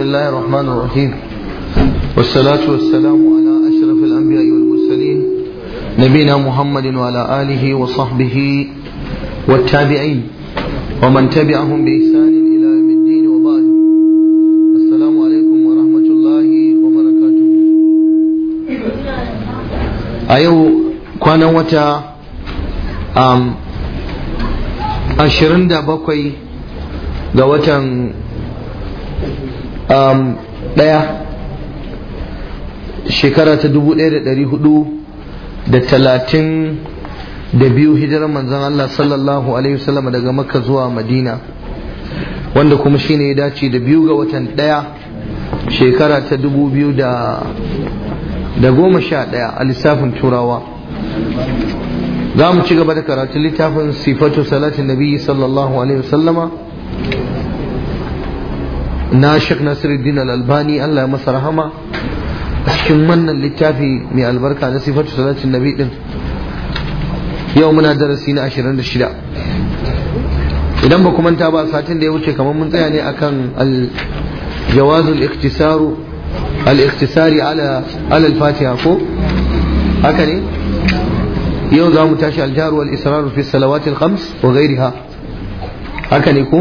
بسم الله الرحمن الرحيم والصلاة والسلام على أشرف الأنبياء والمرسلين نبينا محمد وعلى آله وصحبه والتابعين ومن تبعهم بإحسان إلى يوم الدين وبعد السلام عليكم ورحمة الله وبركاته أيو كان وتا أم 27 ga watan Um, ɗaya shekara ta dubu daya da da da talatin biyu hijirar manzan Allah sallallahu alaihi wasallam daga makka zuwa madina wanda kuma shine ya dace da biyu ga watan ɗaya shekara ta dubu biyu da goma sha ɗaya a lissafin turawa za mu ci gaba da karatun littafin sifatu salatin nabi sallallahu alaihi wasallama na Sheikh Nasiruddin Al-Albani Allah ya masa rahama a cikin wannan littafi mai albarka na sifatu salatin nabi din yau muna darasi na 26 idan ba manta ba satin da ya wuce kamar mun tsaya ne akan al-jawazul iktisaru al-iktisari ala al-fatiha ko haka ne yau za mu tashi al-jaru wal israru fi salawatil khams wa ghairiha haka ne ko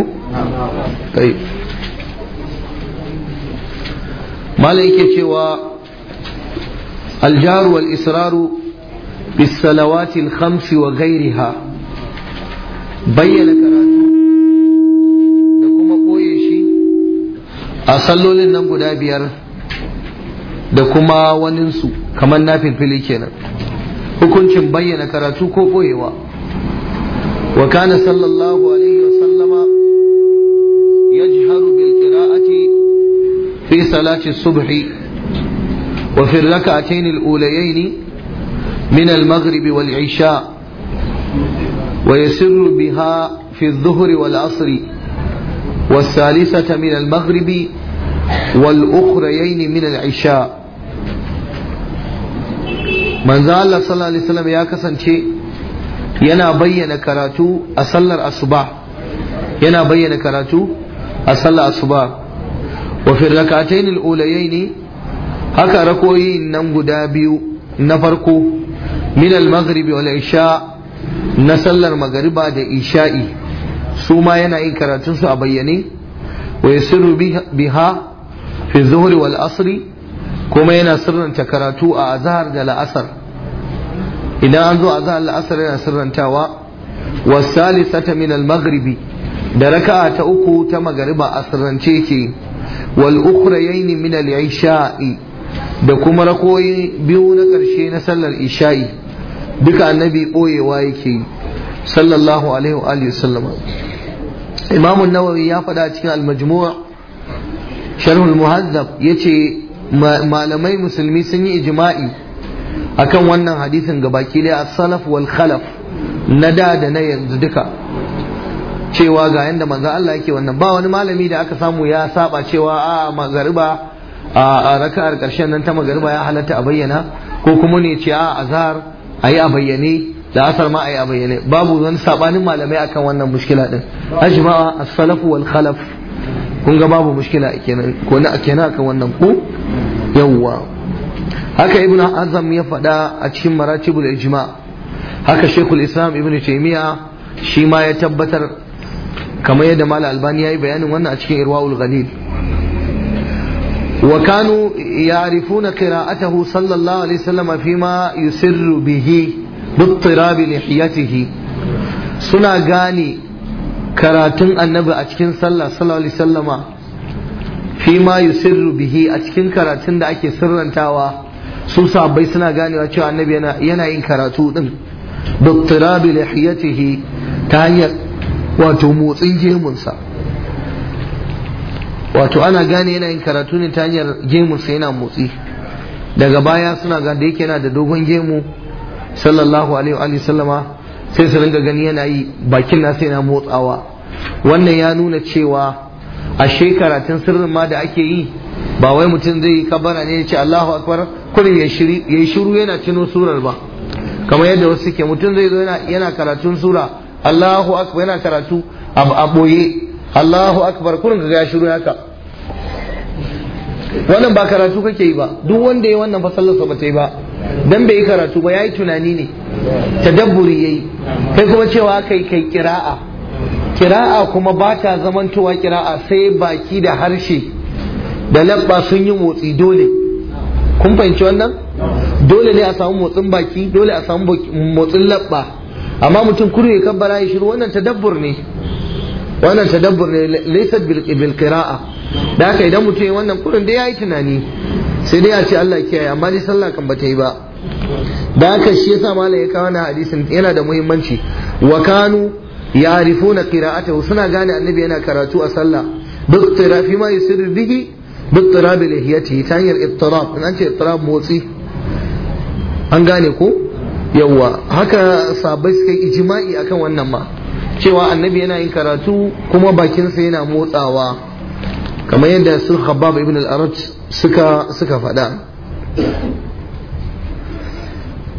malam yake cewa aljaru wal israru bis salawati al khamsi wa ghairiha bayyana karatu da kuma boye shi a sallolin nan guda biyar da kuma waninsu kamar na kenan hukuncin bayyana karatu ko boyewa wa kana sallallahu alaihi wa sallam في صلاة الصبح وفي الركعتين الأوليين من المغرب والعشاء ويسر بها في الظهر والعصر والثالثة من المغرب والأخريين من العشاء من ذا الله صلى الله عليه وسلم يا كسن yana bayyana karatu a sallar asuba yana bayyana karatu a sallar asuba wa fi rak'atayn al-ulayayn haka rakoyin nan guda biyu na farko min al-maghrib isha na sallar magariba da isha'i su ma yana yin karatun su a bayyane wa yasiru biha fi zuhri wal kuma yana sirranta karatu a azhar da la'asar idan an zo a zahar la'asar yana sirrantawa wa salisata min al-maghribi da raka'a ta uku ta magariba a sirrance yake wal ukhrayayn min al isha'i da kuma rakoyi biyu na ƙarshe na sallar isha'i duka annabi boyewa yake yi sallallahu alaihi wa alihi wasallam imamu nawawi ya faɗa cikin al-majmu' sharh al-muhazzab yace malamai musulmi sun yi ijma'i akan wannan hadisin gabaki daya as-salaf wal na da da na yanzu duka cewa ga yanda manzo Allah yake wannan ba wani malami da aka samu ya saba cewa a magariba a raka'ar karshen nan ta magariba ya halatta a bayyana ko kuma ne ce a azhar ayi a bayyane da asar ma ayi a bayyane babu wani sabanin malamai akan wannan mushkila din ajma'a as-salaf wal khalaf kun ga babu mushkila kenan ko na kenan akan wannan ko yawwa haka ibnu azam ya faɗa a cikin maratibul ijma haka shekul islam ibnu taymiya shi ma ya tabbatar kamar yadda mala albani ya yi bayanin wannan a cikin irwaul ghalil wa kanu ya'rifuna qira'atahu sallallahu alaihi wasallam fima yusirru bihi bittirabi lihiyatihi suna gane karatun annabi a cikin sallah sallallahu alaihi wasallama fima yusirru bihi a cikin karatun da ake sirrantawa su sabai suna ganewa cewa annabi yana yin karatu din bittirabi lihiyatihi ta hanyar wato motsin gemunsa wato ana gane yana yin karatu ne ta hanyar gemunsa yana motsi daga baya suna ga da yake yana da dogon gemu sallallahu alaihi wa sallama sai su ringa gani yana yi bakin nasa yana motsawa wannan ya nuna cewa ashe karatun sirrin ma da ake yi ba wai mutum zai yi kabara ne ya ce Allahu akbar kuma ya yi shiru yana cino surar ba kamar yadda wasu suke mutum zai zo yana karatun sura Allahu akbar yana karatu a boye Allahu akbar kurin ga shiru haka wannan ba karatu kake yi ba duk wanda ya wannan fa ba ta yi ba dan bai yi karatu ba yayi tunani ne tadabburi yayi kai kuma cewa kai kai kira'a kira'a kuma ba ta zamantowa kira'a sai baki da harshe da labba sun yi motsi dole kun fahimci wannan dole ne a samu motsin baki dole a samu motsin labba amma mutum kudu ya kabbara ya shiru wannan tadabbur ne wannan tadabbur ne laysat bil qira'a da haka idan mutum ya wannan kudin da yayi tunani sai dai ya ce Allah kiyaye amma dai sallah kan bata yi ba da haka shi yasa malam ya kawo wannan hadisin yana da muhimmanci wa kanu ya'rifuna qira'atahu suna gane annabi yana karatu a sallah bi fi ma yusirru bihi bi ihiyati ta hanyar ittirab in an ce ittirab motsi an gane ko yawwa haka sabai suka yi ijima'i akan wannan ma cewa annabi yana yin karatu kuma bakinsa yana motsawa kamar yadda su habab ibn al arat suka suka faɗa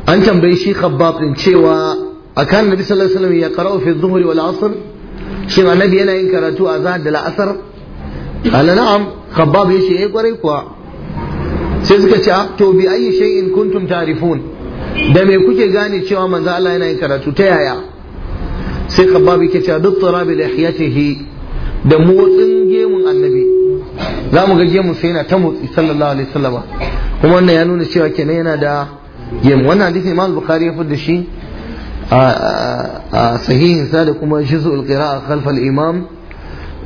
an tambayi shi habab din cewa akan nabi sallallahu alaihi wasallam ya qara'u fi dhuhri wal asr shin annabi yana yin karatu a zahar da la'asar ala na'am habab ya yace eh kwarai kuwa sai suka ce ah, to bi ayi shay'in kuntum ta'rifun da me kuke gane cewa manzo Allah yana yin karatu ta yaya sai khabbab ke cewa duk tarabi da hiyatihi da motsin gemun annabi za mu ga gemun sai yana ta motsi sallallahu alaihi wasallam kuma wannan ya nuna cewa kenan yana da gemu wannan hadisi Imam Bukhari ya fada shi a sahihin sa da kuma juz'ul qira'a khalf al-imam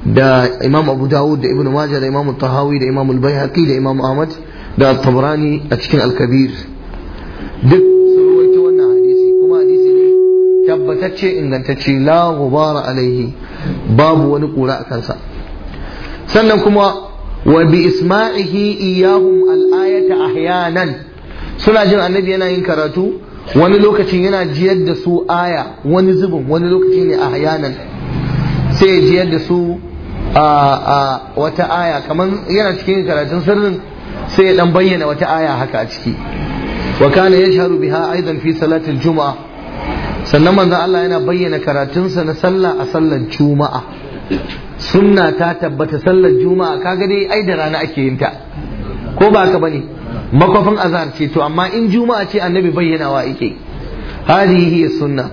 da Imam Abu da'ud da Ibn Majah da Imam Tahawi da Imam al bayhaqi da Imam Ahmad da Tabrani a cikin Al-Kabir duk tabbatacce ingantacce la gubara alaihi babu wani kura a kansa sannan kuma wa bi isma'ihi iyahum al-ayata ahyanan suna jin annabi yana yin karatu wani lokacin yana jiyar da su aya wani zubin wani lokaci ne ahyanan sai ya jiyar da su a wata aya kamar yana cikin karatun sirrin sai ya dan bayyana wata aya haka a ciki wa kana yashharu biha aidan fi salatil juma'a sannan manzan Allah yana bayyana karatunsa na sallah a sallar juma'a sunna ta tabbata sallar juma'a kaga dai ai da rana ake yin ta ko ba ka bane makwafin azhar ce to amma in juma'a ce annabi bayyanawa yake hadihi hiya sunna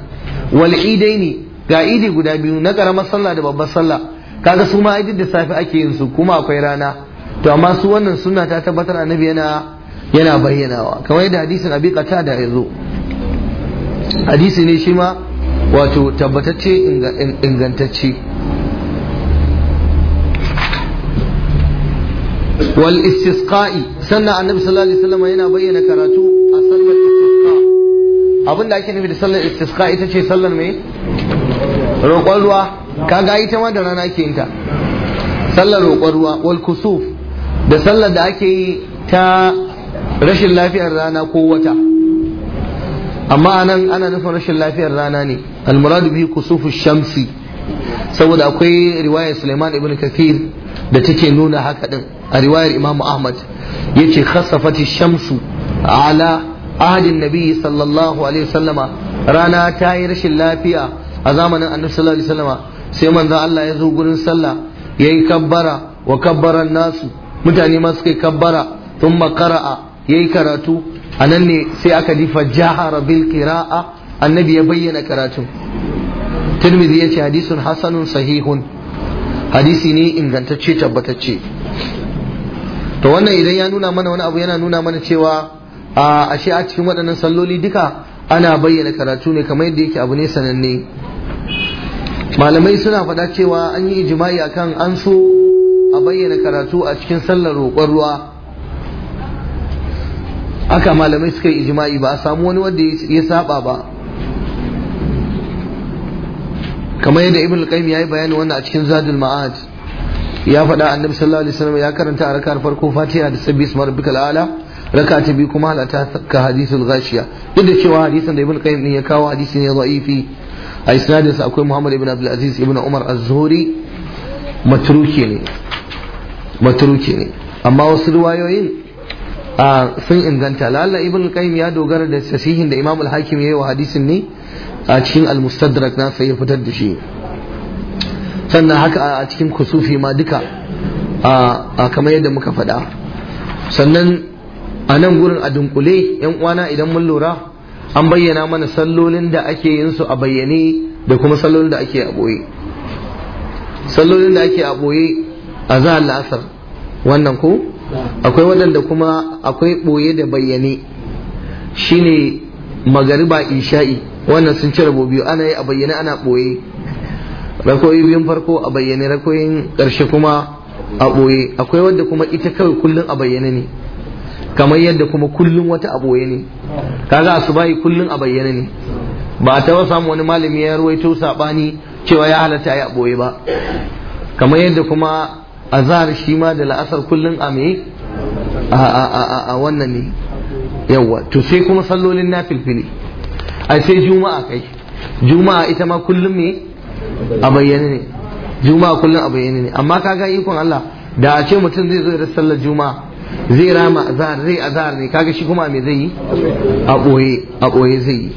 wal ne? ga idi guda biyu na karamar sallah da babbar sallah kaga su ma da safe ake yin su kuma akwai rana to amma su wannan sunna ta tabbatar annabi yana yana bayyanawa kamar yadda hadisin abi da ya zo hadisi ne shi ma wato tabbatacce ingantacce wal istisqa'i sannan annabi sallallahu alaihi wasallam yana bayyana karatu a sallar istisqa abin da ake nufi da sallar istisqa ita ce sallar mai roƙon ruwa kaga ita ma da rana ake yinta sallar roƙon ruwa wal kusuf da sallar da ake yi ta rashin lafiyar rana ko wata amma anan ana nufin rashin lafiyar rana ne almuradu bihi kusufu shamsi saboda akwai riwayar Suleiman ibn Kathir da take nuna haka din a riwayar Imam Ahmad yace khasafati shamsu ala ahadin nabi sallallahu alaihi sallama. rana ta yi rashin lafiya a zamanin annabi sallallahu alaihi wasallama sai manzo Allah ya zo gurin sallah yayi kabbara wa kabbaran nasu mutane ma suka yi kabbara thumma qara'a yayi karatu a ne sai aka ji fajahara bil qira'a annabi ya bayyana karatu. tirmidhi ya ce hadisun hasanun sahihun hadisi ne ingantacce tabbatacce to wannan idan ya nuna mana wani abu yana nuna mana cewa a ashe a cikin waɗannan salloli duka ana bayyana karatu ne kamar yadda yake abu ne sananne malamai suna faɗa cewa an yi ijma'i akan an so a bayyana karatu a cikin sallar roƙon ruwa haka malamai suka yi jima'i ba a samu wani wanda ya saba ba kamar yadda ibn al-qayyim yayi bayani wannan a cikin zadul ma'ad ya faɗa annabi sallallahu alaihi wasallam ya karanta a rakar farko fatiha da sabbi isma rabbikal ala raka ta biyu kuma halata ka hadithul ghashiya duk da cewa hadisin da ibn al-qayyim ya kawo hadisi ne da'ifi a isnadin sa akwai muhammad ibn abdul aziz ibn umar az-zuhri matruki ne matruki ne amma wasu riwayoyin Ah, sun inganta lalla ibn qayyim ya dogara da sahihin da imamul al ya yayi wa hadisin ne a cikin al-mustadrak na sai ya fitar da shi sannan haka a cikin kusufi ma duka a kamar yadda muka faɗa sannan a nan gurin a dunkule yan uwana idan mun lura an bayyana mana sallolin da ake yin su a bayyane da kuma sallolin da ake a boye sallolin da ake a boye a zahar la'asar wannan ko akwai waɗanda kuma akwai ɓoye da bayyane shine magariba isha'i wannan sun ci rabo biyu ana yi a bayyane ana ɓoye rakoyi biyun farko a bayyane rakoyin ƙarshe kuma a ɓoye akwai wanda kuma ita kawai kullum a bayyane ne kamar yadda kuma kullum wata a ɓoye ne kaga asubahi kullum a bayyane ne ba a taɓa mu wani malami ya ruwaito saɓani cewa ya halatta ya ɓoye ba kamar yadda kuma azhar shi ma da la'asar kullum a me a wannan ne yawa to sai kuma sallolin na filfili a sai juma'a kai juma'a ita ma kullum me a bayyane ne juma'a kullum a bayyane ne amma kaga ikon Allah da a ce mutum zai zo da sallar juma'a zai rama azhar zai azhar ne kaga shi kuma me zai yi a boye a boye zai yi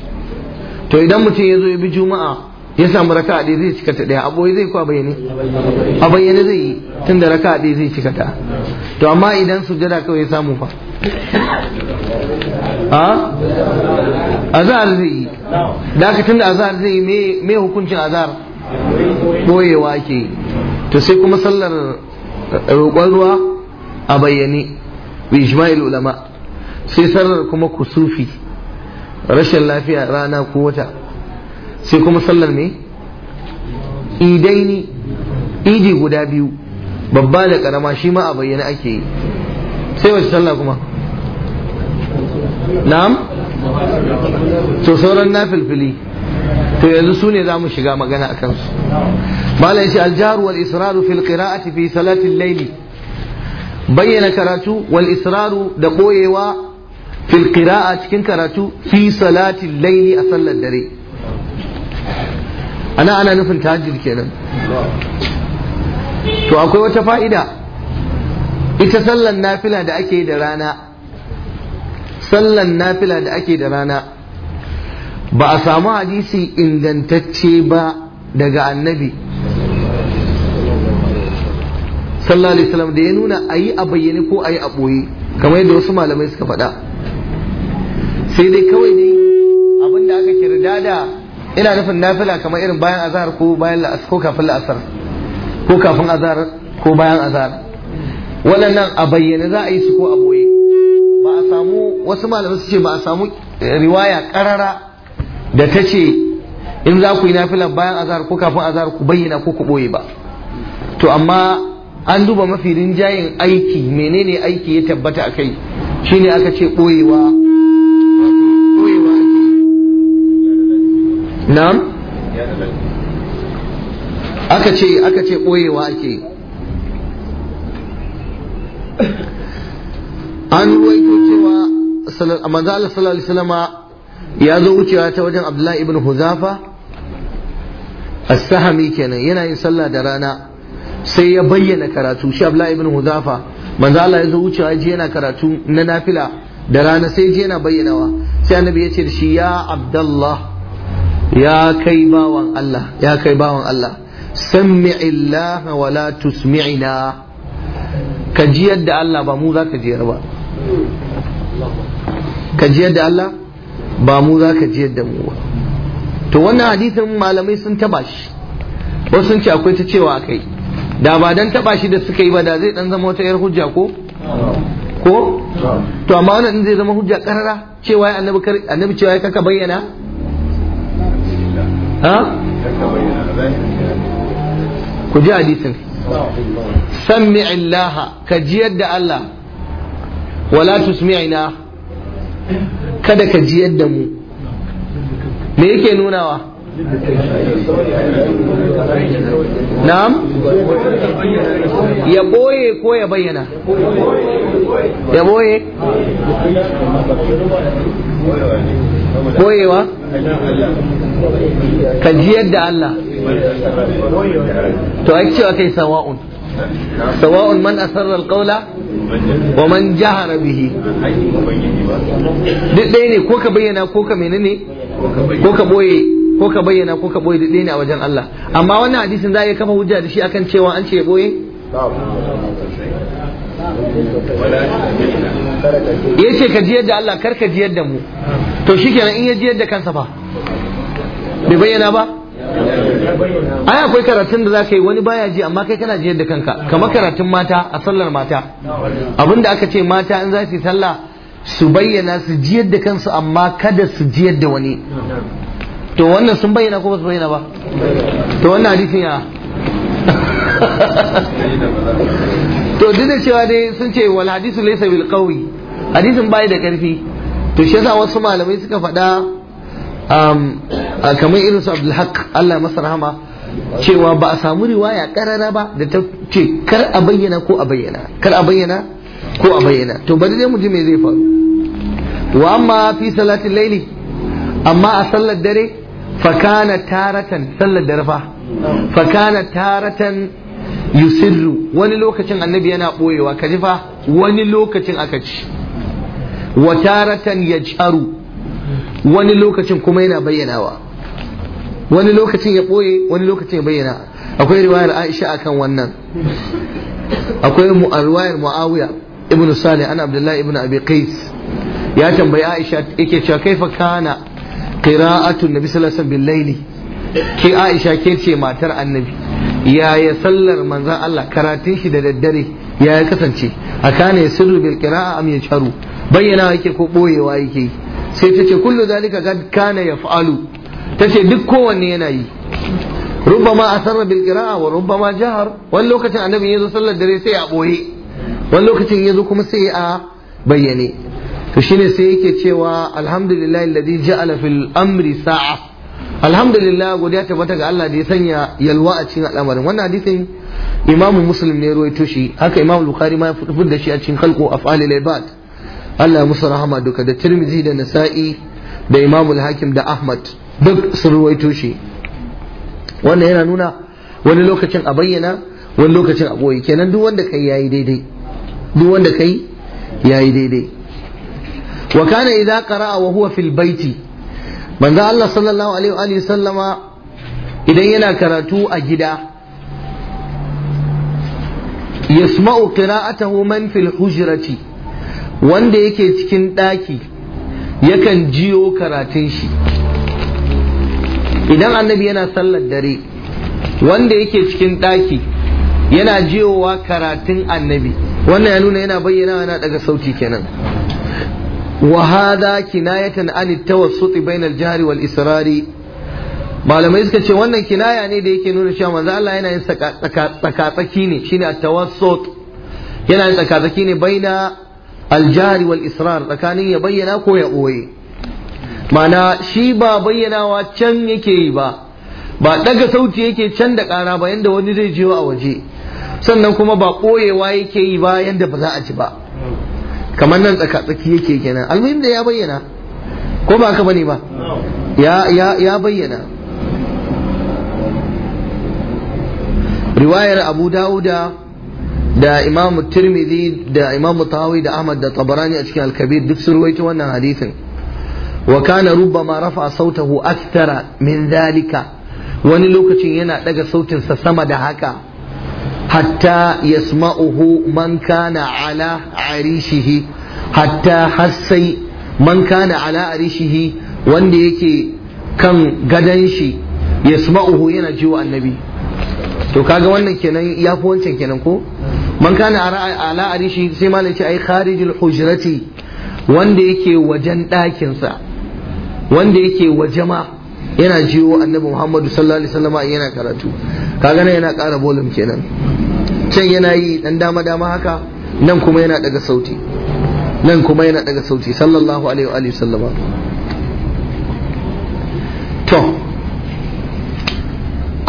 to idan mutum ya zo ya bi juma'a ya samu raka ɗaya zai cika ta ɗaya aboye zai kuwa bayyane a bayyane zai yi tun da raka ɗaya zai cika ta to amma idan su jada kawai ya samu fa a zahar zai yi da aka tun da azhar zai yi me hukuncin azhar ɓoyewa ke yi to sai kuma sallar eh, roƙon ruwa a bayyane bi ijma'il ulama sai sallar kuma kusufi rashin lafiya rana ko wata sai kuma sallar me idaini idi guda biyu babba da karama shi ma a bayyana ake yi sai wace sallah kuma na'am to sauran na filfili to yanzu su ne za mu shiga magana a kansu malam shi aljaru wal israru fil qira'ati fi salatin layli bayyana karatu wal israru da koyewa fil qira'a cikin karatu fi salatin layli a sallar dare ana ana nufin tahajjud kenan to akwai wata fa'ida ita sallan nafila da ake da rana sallan nafila da ake da rana ba a samu hadisi ingantacce ba daga annabi sallallahu alaihi wasallam da ya nuna a yi a bayyane ko a yi a ɓoye kamar yadda wasu malamai suka faɗa sai dai kawai dai abinda aka kirda da ina nufin nafila kamar irin bayan azhar ko bayan ko kafin la'asar ko kafin azhar ko bayan azhar waɗannan a bayyane za a yi su ko a boye ba a samu wasu malamai su ce ba a samu eh, riwaya karara da ta ce in za ku yi nafila bayan azhar ko kafin azhar ku bayyana ko ku boye ba to amma an duba mafi rinjayen aiki menene aiki ya tabbata a kai shine aka ce boyewa Nam. aka ce aka ce ɓoyewa ake an ruwaito cewa manzo Allah sallallahu alaihi wasallama ya zo wucewa ta wajen Abdullahi ibn Huzafa as-sahami kenan yana yin sallah da rana sai ya bayyana karatu shi Abdullahi ibn Huzafa manzo ya zo wucewa ji yana karatu na nafila da rana sai ji yana bayyanawa sai annabi ya ce da shi ya Abdullah ya kai bawan Allah ya kai bawan Allah sammi illaha wa la tusmi'ina ka ji yadda Allah ba mu za ka jiyar ba ka ji yadda Allah ba mu za ka jiyar da mu ba to wannan hadisin malamai sun taba shi wasu sun ce akwai ta cewa kai da ba dan taba shi da suka yi ba da zai dan zama wata yar hujja ko ko to amma wannan zai zama hujja karara cewa annabi annabi cewa kaka bayyana ha ku ji hadisin sammi illaha ka ji yadda Allah wala tusmi'ina kada ka jiyar da mu me yake nunawa na'am ya boye ko ya bayyana ya boye boyewa ka jiyar da Allah to ai cewa kai sawa'un sawa'un man asarar alqawla wa man jahara bihi duk ɗaya ne ko ka bayyana ko ka menene ko ka boye ko ka bayyana ko ka boye dade ne a wajen Allah amma wannan hadisin za a iya kafa hujja da shi akan cewa an ce boye ya ce ka jiyar da Allah kar ka jiyar da mu to shi kenan in ya jiyar da kansa ba bai bayyana ba ai akwai karatun da za ka yi wani baya ji amma kai kana jiyar da kanka kamar karatun mata a sallar mata abinda aka ce mata in za su yi sallah su bayyana su jiyar da kansu amma kada su jiyar da wani to wannan sun bayyana ko ba su bayyana ba to wannan hadisin ya to duk da cewa dai sun ce wal hadisu laysa bil qawi hadisin bai da karfi to shi yasa wasu malamai suka faɗa um, kamar irin su Abdul Haq Allah masa rahama cewa ba a samu riwaya karara ba da ta ce kar a bayyana ko a bayyana kar a bayyana ko a bayyana to bari dai mu ji me zai faru wa amma fi salatin laili amma a sallar dare fakana taratan sallar da rafa fakana taratan yusirru wani lokacin annabi yana boyewa ka ji fa wani lokacin aka ci wa taratan ya yajharu wani lokacin kuma yana bayyanawa wani lokacin ya boye wani lokacin ya bayyana akwai riwayar Aisha akan wannan akwai riwayar Muawiya ibn Salih ana Abdullahi ibn Abi Qais ya tambayi Aisha yake cewa kaifa kana qira'atun nabi sallallahu alaihi wasallam bil ke Aisha ke ce matar annabi yaya sallar manzon Allah karatun shi da daddare ya kasance akana yasirru bil qira'a am yasharu bayyana yake ko boyewa yake sai ta ce kullu zalika kad kana yaf'alu ta ce duk kowanne yana yi rubbama asarra bil qira'a wa rubbama jahar wani lokacin annabi yazo sallar dare sai a boye wani lokacin yazo kuma sai a bayyane to shine sai yake cewa alhamdulillah alladhi ja'ala fil amri sa'a alhamdulillah godiya tabbata ga Allah da ya sanya yalwa a cikin al'amarin wannan hadisin imamu muslim ne ruwaito shi haka imamu bukhari ma ya fitar da shi a cikin khalqu af'alil ibad Allah ya musu rahama duka da tirmidhi da nasa'i da imamu al-hakim da ahmad duk sun ruwaito shi wannan yana nuna wani lokacin a bayyana wani lokacin a boye kenan duk wanda kai yayi daidai duk wanda kai yayi daidai wa kana idza qara'a wa huwa fil baiti manzo Allah sallallahu alaihi wa alihi sallama idan yana karatu a gida yasma'u qira'atahu man fil hujrati wanda yake cikin daki yakan jiyo karatun shi idan annabi yana sallar dare wanda yake cikin daki yana jiyowa karatun annabi wannan ya nuna yana bayyana yana daga sauti kenan وهذا كناية عن التوسط بين الجهر والإسرار malamai suka ce wannan kinaya ne da yake nuna cewa manzo Allah yana yin tsakatsaki ne shine at-tawassut yana yin tsakatsaki ne baina al-jahri wal israr tsakanin ya bayyana ko ya boye mana shi ba bayyanawa can yake yi ba ba daga sauti yake can da kara ba yanda wani zai jiwa a waje sannan kuma ba koyewa yake yi ba yanda ba za a ji ba kamar nan tsaka-tsaki yake kenan almuhim da ya bayyana ko ba ka bane ba ya bayyana riwayar abu Da'uda da imam tirmidhi da imam tawi da ahmad da tabarani a cikin alkabir duk sun ruwaito wannan hadithin wa kana rubbama rafa sautahu akthara min dhalika wani lokacin yana daga sautinsa sama da haka hatta yasma'uhu من كان على عريشه hatta hassai من كان على عريشه wanda yake kan gadon shi yasma'uhu yana jiwa annabi to kaga wannan kenan ya fi wancan kenan ko man kana ala arishi sai malam ce ai kharijul hujrati wanda yake wajen ɗakinsa wanda yake wajama. yana jiwo annabi muhammadu sallallahu alaihi wasallama yana karatu Ka gane yana ƙara volume kenan can yana yi dan dama dama haka nan kuma yana daga sauti nan kuma yana daga sauti sallallahu alaihi wa sallama to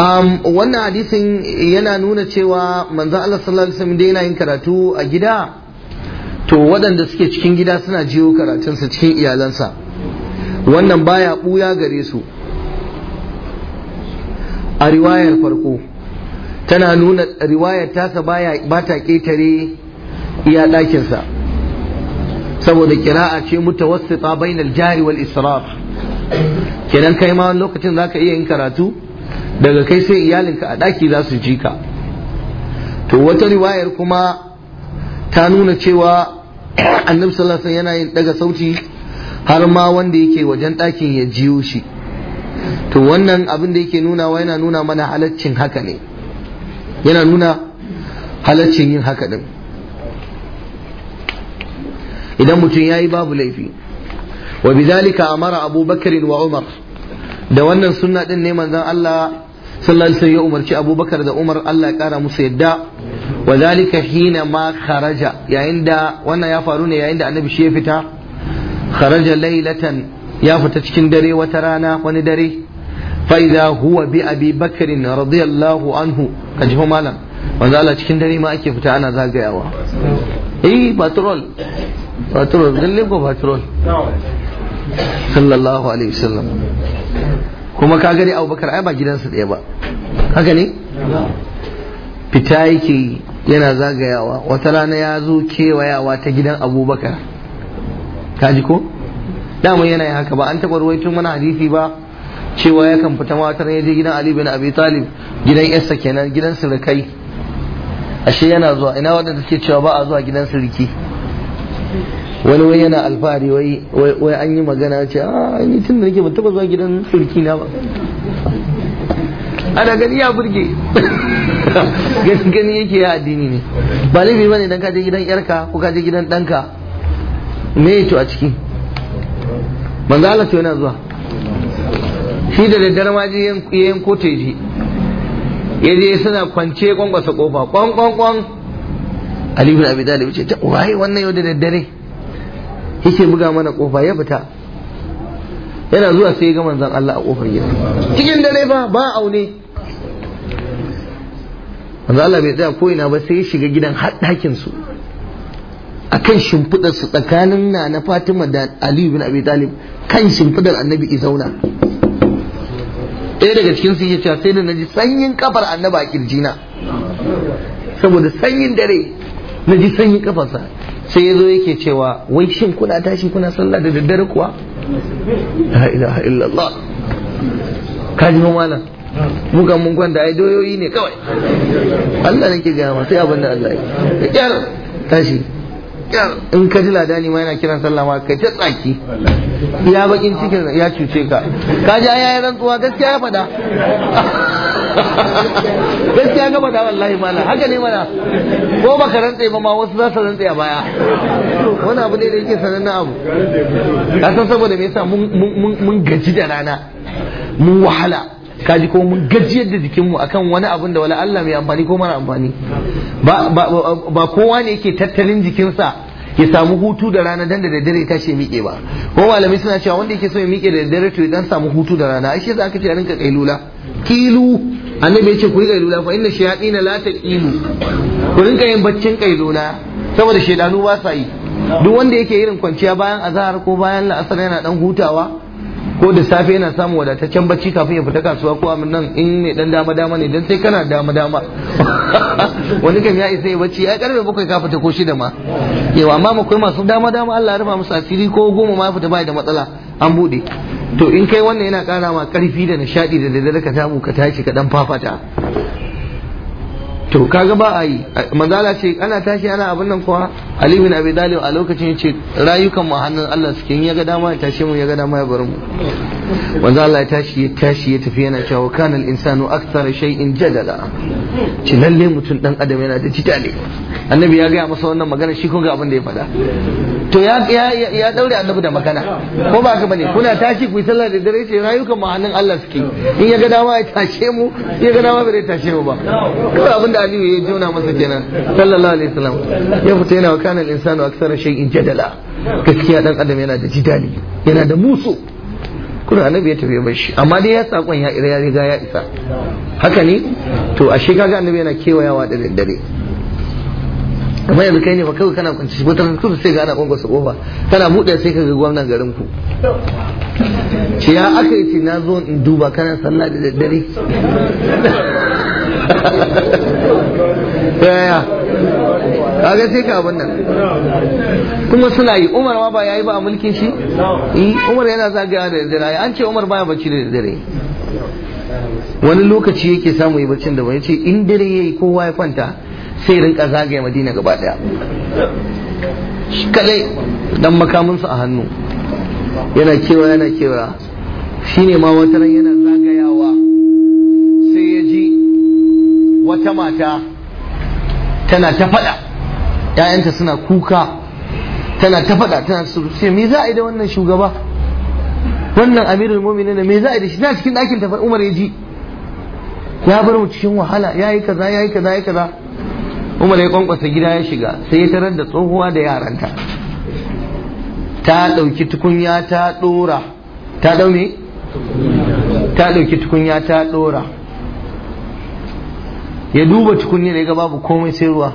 um, wannan hadisin yana nuna cewa manzo Allah sallallahu alaihi wasallam yana yin karatu a gida to waɗanda suke cikin gida suna jiyo karatunsa cikin iyalansa wannan baya ɓuya gare su a riwayar farko tana nuna riwayar tasa ba ta ƙetare iya ɗakinsa saboda kira'a ce mutawassita bainal jari wal israf kenan kai ma wani lokacin zaka iya yin karatu daga kai sai iyalinka a ɗaki za su ji ka to wata riwayar kuma ta nuna cewa annabi sallallahu alaihi yana yin daga sauti har ma wanda yake wajen ɗakin ya jiyo shi to wannan abin da yake nuna wa yana nuna mana halaccin haka ne yana nuna halaccin yin haka din idan mutum ya yi babu laifi wa bidhalika amara abubakar wa umar da wannan sunna din ne manzon Allah sallallahu alaihi ya umarci abubakar da umar Allah ya kara musu yadda wa zalika hina ma kharaja yayin da wannan ya faru ne yayin da annabi shi ya fita kharaja lailatan ya fita cikin dare wata rana wani dare fa'iza huwa bi abi bakarin radiyallahu anhu ka ji malam manzo Allah cikin dare ma ake fita ana zagayawa eh patrol patrol galle ko patrol sallallahu alaihi wasallam kuma ka gani abubakar ai ba gidansa ɗaya ba haka ne fita yake yana zagayawa wata rana ya zo kewayawa ta gidan abubakar ka ji ko dama yana yin haka ba an taɓa ruwaito mana hadisi ba cewa ya kan fita matar ya je gidan Ali bin Abi Talib gidan yarsa kenan gidan sirkai ashe yana zuwa ina wanda take cewa ba a zuwa gidan sirki wani wai yana alfahari wai wai an yi magana ce a ah, ni tun da nake ban taɓa zuwa gidan sirki na ba ana gani ya burge gani yake ya addini ne ba laifi bane dan ka je gidan yarka ko ka je gidan danka me yato a ciki manzo Allah ce yana zuwa shi da daddare ma je yayin kote ji ya je suna kwance kwankwasa kofa kwan kwan kwan Ali ibn Abi Talib ce ta wai wannan yau da daddare yake buga mana kofa ya fita yana zuwa sai ga manzon Allah a kofar gida cikin dare ba ba aune manzo Allah bai tsaya ko ina ba sai ya shiga gidan har su akan shimfidar su tsakanin na na Fatima da Aliyu bin Abi Talib kan shimfidar Annabi i zauna daga cikin su yace sai da naji sanyin kafar Annabi a kirjina saboda sanyin dare naji sanyin kafarsa sai ya zo yake cewa wai shin kuna tashi kuna sallah da daddare kuwa la ilaha illallah kaji malam mukan mun da ai doyoyi ne kawai Allah nake gaya ma sai abin da Allah ya kyar tashi kyar in ka ji ladani ma yana kiran sallah ma kai ta tsaki ya bakin cikin ya cuce ka ka ji ya yi rantsuwa gaskiya ya fada gaskiya ga fada wallahi mana haka ne mana ko baka rantsa ba ma wasu za su rantsa baya wani abu ne da yake sanannen abu a san saboda me yasa mun gaji da rana mun wahala kaji ko mun gajiyar da jikinmu akan wani abin da wala Allah mai amfani ko mara amfani ba kowa ne yake tattalin jikinsa ya samu hutu da rana dan da daddare ya tashi miƙe ba ko malamai suna cewa wanda yake so ya miƙe da daddare to dan samu hutu da rana ashe za ka ce rinka kailula kilu annabi ya ce ku yi kailula fa inna shayatin la taqilu ku rinka yin baccin kailula saboda shedanu ba sa yi duk wanda yake irin kwanciya bayan azahar ko bayan la'asar yana dan hutawa ko da safe yana samun wadataccen bacci kafin ya fita kasuwa ko amin nan in mai dan dama dama ne dan sai kana dama dama wani kam ya isa ya bacci ya karfe bakwai ka fita ko shida ma yau amma akwai masu dama dama Allah ya rufa musu asiri ko goma ma fita bai da matsala an bude to in kai wannan yana kara ma karfi da nishadi da daddare ka samu ka tashi ka dan fafata to kaga ba a yi manzala ce ana tashi ana abin nan kuwa ali bin abi dalib a lokacin ce rayukan mu hannun Allah suke in ga dama ya tashi mu ga dama ya bar mu manzala ya tashi ya tashi ya tafi yana cewa kana al-insanu akthara shay'in jadala ci lalle mutum dan adam yana da jidali annabi ya gaya masa wannan magana shi kunga ga abin da ya faɗa to ya ya daure annabi da magana ko ba ka bane kuna tashi ku yi sallah da dare ce rayukan mu hannun Allah suke in ya ga dama ya tashe mu ya ga dama bai tashe mu ba abin da aliyu ya jona masa kenan sallallahu alaihi wasallam ya fita yana wa kana al-insanu aksara shay'in jadala gaskiya dan adam yana da jidali yana da musu kuna annabi ya tafi bashi amma dai ya sakon ya ya riga ya isa haka ne to ashe kaga annabi yana kewayawa da daddare amma yanzu kai ne ba kawai kana kwanci ba tana kudu sai ga ana kwangwasa kofa kana buɗe sai ka ga gwamnan garin ku ce ya aka yi ce na zo in duba kana sallah da daddare to yaya kaga sai ka abin nan kuma suna yi umar ma ba yayi ba a mulkin shi eh, umar yana zagaya da dare an ce umar baya bacci da dare wani lokaci yake samu yi baccin da wani ce in dare yayi kowa ya kwanta sai rinka zagaya madina gaba daya kadai dan makaminsu a hannu yana kewa yana kewa shine ma wata ran yana zagayawa sai ya ji wata mata tana ta faɗa ‘ya'yanta suna kuka tana ta faɗa tana su me za a yi da wannan shugaba wannan amirul mu'minin me za a yi da shi na cikin ɗakin tafar Umar ya ji ya bar mu cikin wahala ya yi kaza ya yi kaza ya kaza Umar ya kwankwasa gida ya shiga sai ya tarar da tsohuwa da yaranta ta ɗauki tukunya ta ɗora ta ɗau ta ɗauki tukunya ta ɗora ya duba tukunyar da ga babu komai sai ruwa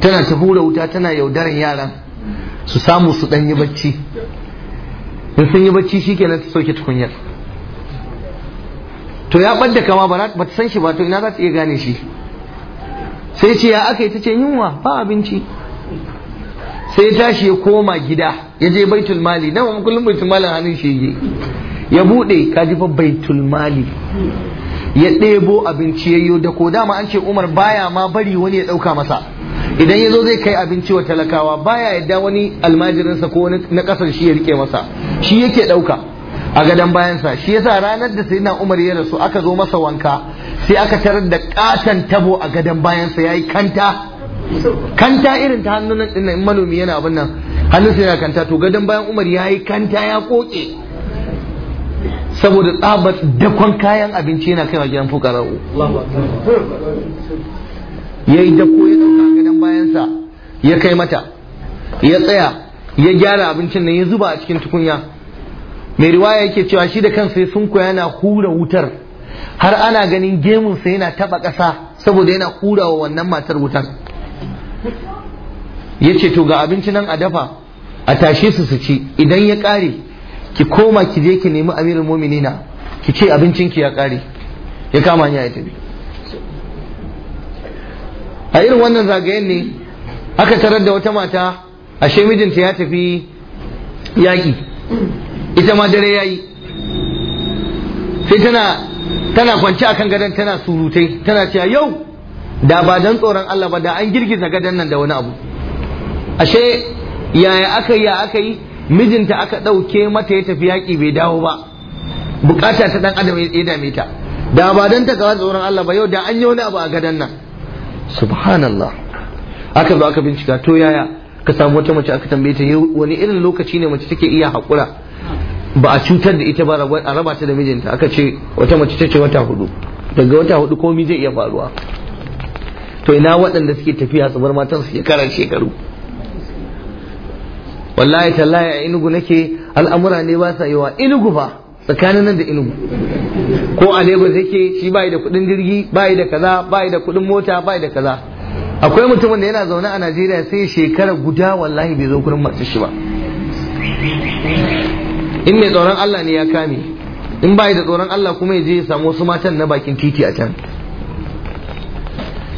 tana ta hura wuta tana yaudaran yaran su samu su dan yi bacci in sun yi bacci shi nan ta soke tukunyar to ya ɓadda kama ba ta san shi ba to ina za ta iya gane shi sai ce ya aka yi ta ce yunwa ba abinci sai ya tashi ya koma gida ya je baitul mali na kullum baitul mali hannun shi ya buɗe ka ji fa baitul mali ya ɗebo abinci ya yi da ko dama an ce Umar baya ma bari wani ya ɗauka masa idan ya zo zai kai abinci wa talakawa baya yadda wani almajirinsa ko wani na ƙasar shi ya rike masa shi yake ɗauka a gadon bayansa shi yasa ranar da sayyidina Umar ya rasu aka zo masa wanka sai aka tarar da ƙaton tabo a gadon bayansa yi kanta kanta irin ta hannun nan manomi yana abin nan hannun sai yana kanta to gadon bayan Umar ya yi kanta ya koke saboda tsabar dakon kayan abinci yana kai wa gidan fukara'u ya yi dako ya ɗauka gadon bayansa ya kai mata ya tsaya ya gyara abincin nan ya zuba a cikin tukunya mai riwaya yake cewa shi da kansa ya sunkuya yana hura wutar har ana ganin gemunsa yana taba ƙasa saboda yana hura wa wannan matar wutar ya ce to ga abinci nan a dafa a tashe su su ci idan ya ƙare ki koma ki je ki nemi amirul mu'minina ki ce abincin ki ya kare ya kama hanya ya bi. a irin wannan zagayen ne aka tarar da wata mata ashe mijinta ya tafi yaƙi ita ma dare yayi sai tana tana kwance akan gadon tana surutai tana cewa yau da ba dan tsoron Allah ba da an girgiza gadon nan da wani abu ashe yaya aka yi ya aka yi mijinta aka ɗauke mata ya tafi yaƙi bai dawo ba bukata ta ɗan adam ya dame ta da ba don ta kawar tsoron Allah ba yau da an yi wani abu a gadon nan subhanallah aka zo aka bincika to yaya ka samu wata mace aka tambaye ta wani irin lokaci ne mace take iya haƙura ba a cutar da ita ba a raba ta da mijinta aka ce wata mace ta ce wata hudu daga wata hudu komi zai iya faruwa to ina waɗanda suke tafiya su bar matan su shekarar shekaru wallahi tallahi a inugu nake al'amura ne ba sa yawa inugu fa tsakanin nan da inugu ko a lagos yake shi bayi da kudin jirgi bayi da kaza bayi da kudin mota bayi da kaza akwai mutumin da yana zaune a najeriya sai shekara guda wallahi bai zo kudin masu shi ba in mai tsoron allah ne ya kame in bayi da tsoron allah kuma ya je ya samu wasu matan na bakin titi a can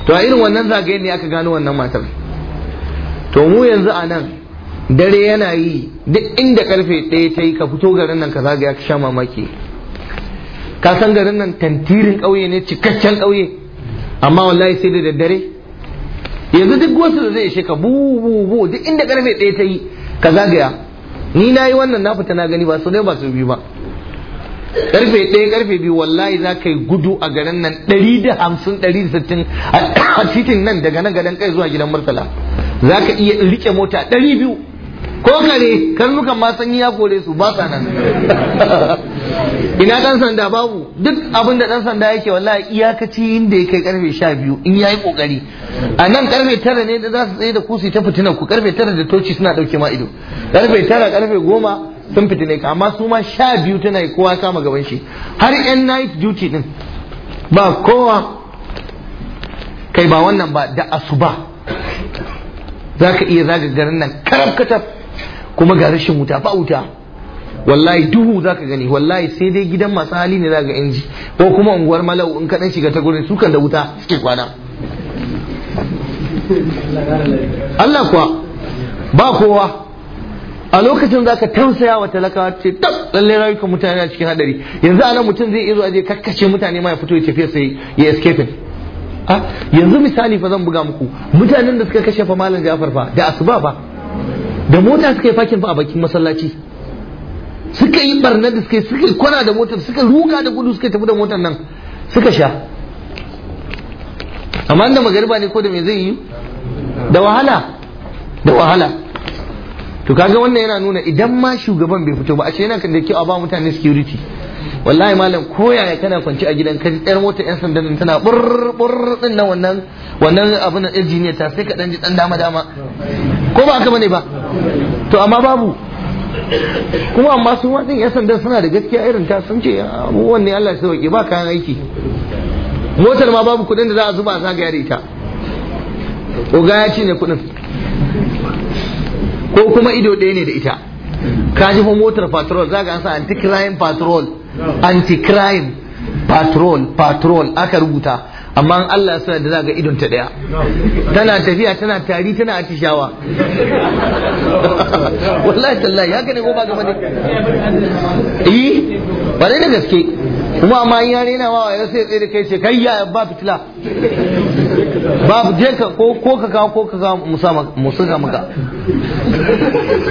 to a irin wannan zagayen ne aka gano wannan matar to mu yanzu a nan dare yana yi duk inda karfe ɗaya ta yi ka fito garin nan ka zagaya ka sha mamaki ka san garin nan tantirin ƙauye ne cikakken ƙauye amma wallahi sai da daddare yanzu duk wasu da zai shika bu bu bu duk inda karfe ɗaya ta yi ka zagaya ni na yi wannan na fita na gani ba su ne ba su biyu ba karfe ɗaya karfe biyu wallahi za ka yi gudu a garin nan ɗari da hamsin ɗari da sittin a titin nan daga nan gadon kai zuwa gidan murtala za ka iya rike mota ɗari biyu ko kare karnukan ma ya kore su ba sa nan ina dan sanda babu duk abin da dan sanda yake wallahi iyakaci inda ya kai karfe 12 in yayi kokari a nan karfe 9 ne da za su tsaye da kusi ta fitina ku karfe 9 da toci suna dauke ma ido karfe 9 karfe 10 sun fitine ka amma su ma 12 tana yi kowa kama gaban shi har yan night duty din ba kowa kai ba wannan ba da asuba za ka iya zaga garin nan karab katab kuma ga rashin wuta ba wuta wallahi duhu zaka gani wallahi sai dai gidan masu hali ne zaka inji ko kuma unguwar malau in dan shiga ta gurin sukan da wuta suke kwana Allah kuwa ba kowa a lokacin za ka tausaya wa talakawa ce tab lalle rayukan mutane a cikin hadari yanzu anan mutum zai iya zuwa je kakkace mutane ma ya fito ya tafi sai ya escaping ah, yanzu misali fa zan buga muku mutanen da suka kashe fa malam Ja'far fa da asuba ba da mota suka yi fakin fa a bakin masallaci suka yi barnar da suka yi suka kwana da motar suka ruga da gudu suka tafi da motar nan suka sha amma da magariba ne ko da me zai yi da wahala da wahala to kaga wannan yana nuna idan ma shugaban bai fito ba ashe yana kan da kyau a ba mutane security wallahi malam koyaya kana kwanci a gidan ka yar mota yan sandan tana burbur din nan wannan wannan abin na injiniya ta sai ka dan ji dan dama dama ko ba aka bane ba to amma babu kuma amma su din yan sandan suna da gaskiya irin ta sun ce ah, abubuwan ne Allah ya sauke ba kayan aiki motar ma babu kuɗin da za a zuba a zagaya da ita oga ya ci ne kuɗin ko kuma ido ɗaya ne da ita ka ji fa motar patrol zaga an sa anti crime patrol anti crime patrol patrol aka rubuta amma Allah suna da za ga idon ta daya tana tafiya tana tari tana atishawa wallahi tallahi ya gane ko ba ga yi ba bare da gaske kuma amma in yare na wawa ya sai tsaye da kai ce kai ya ba fitila babu je ka ko ko ka ga ko ka ga musa musuka maka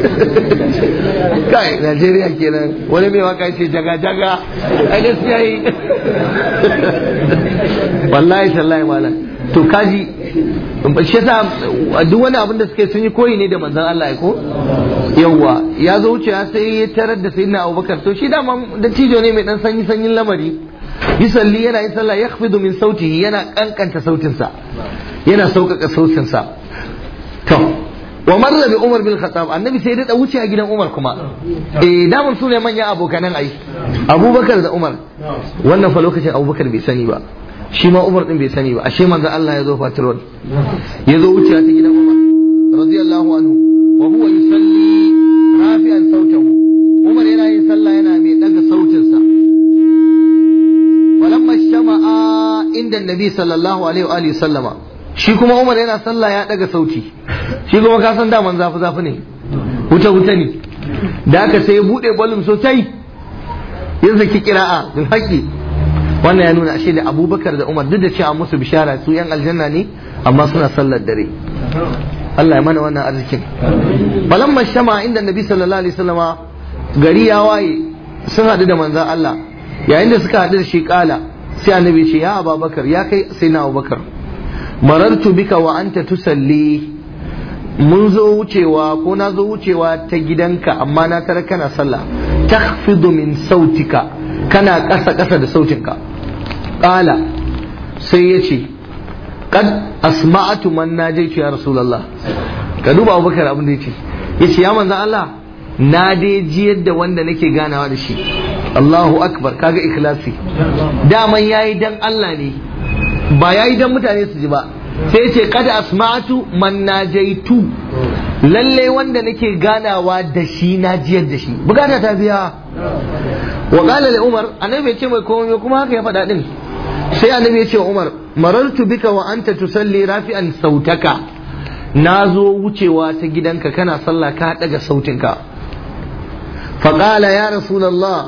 kai Najeriya kenan wani mai waka ce jaga jaga ai gaskiya yi wallahi sallahi malam to kaji shi yasa duk wani abin da suke sun yi koyi ne da manzon Allah ya ko yawa ya zo wuce sai ya tarar da sayyidina Abubakar to shi dama da tijo ne mai dan sanyi sanyin lamari yusalli yana yin sallah yakhfidu min sautihi yana kankanta sautin sa yana saukaka sautin sa to wa marra bi Umar bin Khattab annabi sai da wuce a gidan Umar kuma eh daman su ne manyan abokanan ai Abubakar da Umar wannan fa lokacin Abubakar bai sani ba shi ma Umar din bai sani ba ashe manzo Allah ya zo patrol ya zo wuce ta gidan Umar radiyallahu anhu wa huwa yusalli rafi'an sautahu Umar yana yin sallah yana mai daga sautinsa falamma shama'a inda Nabi sallallahu alaihi wa alihi sallama shi kuma Umar yana sallah ya daga sauti shi kuma ka san daman zafi zafi ne wuta wuta ne da aka sai ya bude volume sosai yin saki kira'a bil haqi wannan ya nuna ashe da abubakar da umar duk da cewa musu bishara su yan aljanna ne amma suna sallar dare Allah ya mana wannan arzikin balan shama inda nabi sallallahu alaihi wasallam gari ya waye sun hadu da manzan Allah yayin da suka haɗu da shi kala sai annabi ce ya abubakar ya kai sai na abubakar marartu bika wa anta tusalli mun zo wucewa ko na zo wucewa ta gidanka amma na tarar kana sallah takhfidu min sautika kana ƙasa ƙasa da sautinka qala sai yace kad asma'atu man najaitu ya rasulullah ka duba abubakar abin da ya ce ya manzan Allah na dai yadda da wanda nake ganawa da shi Allahu akbar kaga ikhlasi daman yayi dan Allah ne ba yayi dan mutane su ji ba sai yace kad asma'atu man najaitu lalle wanda nake ganawa da shi na jiyar da shi bukata ta biya wa qala li umar annabi ya ce mai komai kuma haka ya faɗa din sai annabi ya ce umar marartu bika wa anta tusalli rafi'an sautaka na zo wucewa ta gidanka kana sallah ka daga sautinka faƙala ya rasulallah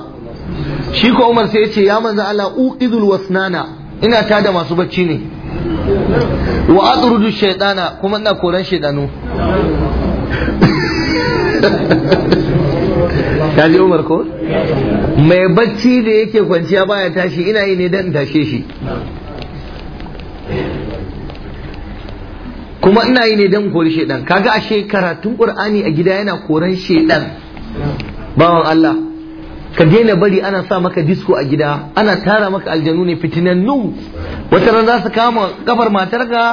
shi ko umar sai ya ce ya manzo Allah uqidul wasnana ina tada masu bacci ne wa atrudu kuma ina koran shaydanu umar ko mai bacci da yake kwanciya baya tashi ina yi ne don tashe shi kuma ina yi ne don kori shedan kaga shekara tun ƙur'ani a gida yana koran shedan bawan Allah ka daina bari ana sa maka disko a gida ana tara maka aljanu ne nu wata ran za su kama kafar matarka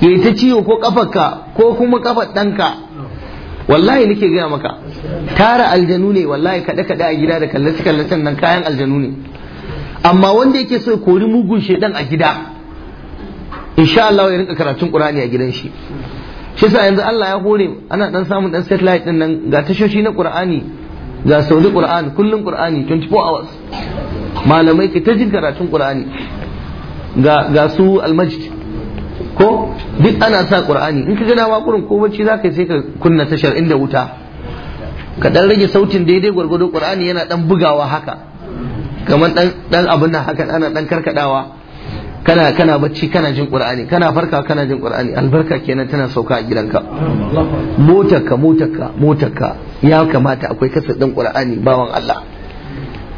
ya yi ta ciwo ko kafarka ko kuma kafar ɗanka wallahi nake gaya maka tara aljanu ne wallahi kaɗe kaɗe a gida da kallace kallacen nan kayan aljanu ne amma wanda yake so ya kori mugun shedan a gida insha Allah ya rinka karatun Qur'ani a gidan shi shi yanzu Allah ya hore ana dan samun dan satellite din nan ga tashoshi na Qur'ani ga saudi Qur'an kullun Qur'ani 24 hours malamai ke ta jin karatun Qur'ani ga ga su almajid ko duk ana sa qur'ani in ka ga dama gurin ko bacci zaka sai ka kunna tashar inda wuta ka dan rage sautin daidai gurgudu qur'ani yana dan bugawa haka kamar dan dan abin nan haka ana dan karkadawa kana kana bacci kana jin qur'ani kana farka kana jin qur'ani albarka kenan tana sauka a gidanka motarka motarka motarka ya kamata akwai kasa din qur'ani bawan Allah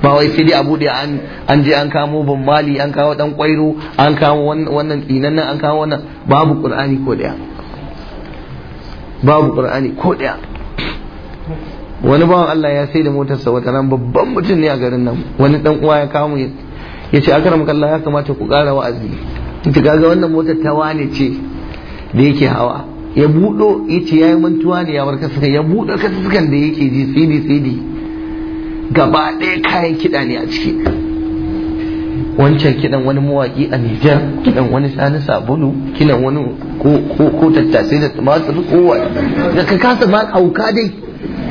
ba wai sai dai a bude an an je an kamo ban mali an kawo dan kwairo an kawo wannan kinan nan an kawo wannan babu qur'ani ko daya babu qur'ani ko daya wani bawan Allah ya sai da motarsa wata nan babban mutum ne a garin nan wani dan uwa ya kawo ya ce akaram kallah ya kamata ku ƙara wa'azi ita kaga wannan motar ta wane ce da yake hawa ya budo yace yayi mantuwa ne ya suka ya budo kasukan da yake ji sidi sidi gaba ɗaya kayan kiɗa ne a ciki wancan kiɗan wani mawaƙi a Nijar kiɗan wani sani sabulu kiɗan wani ko ko tattasai da tumatir ko da ka kasa ma hauka dai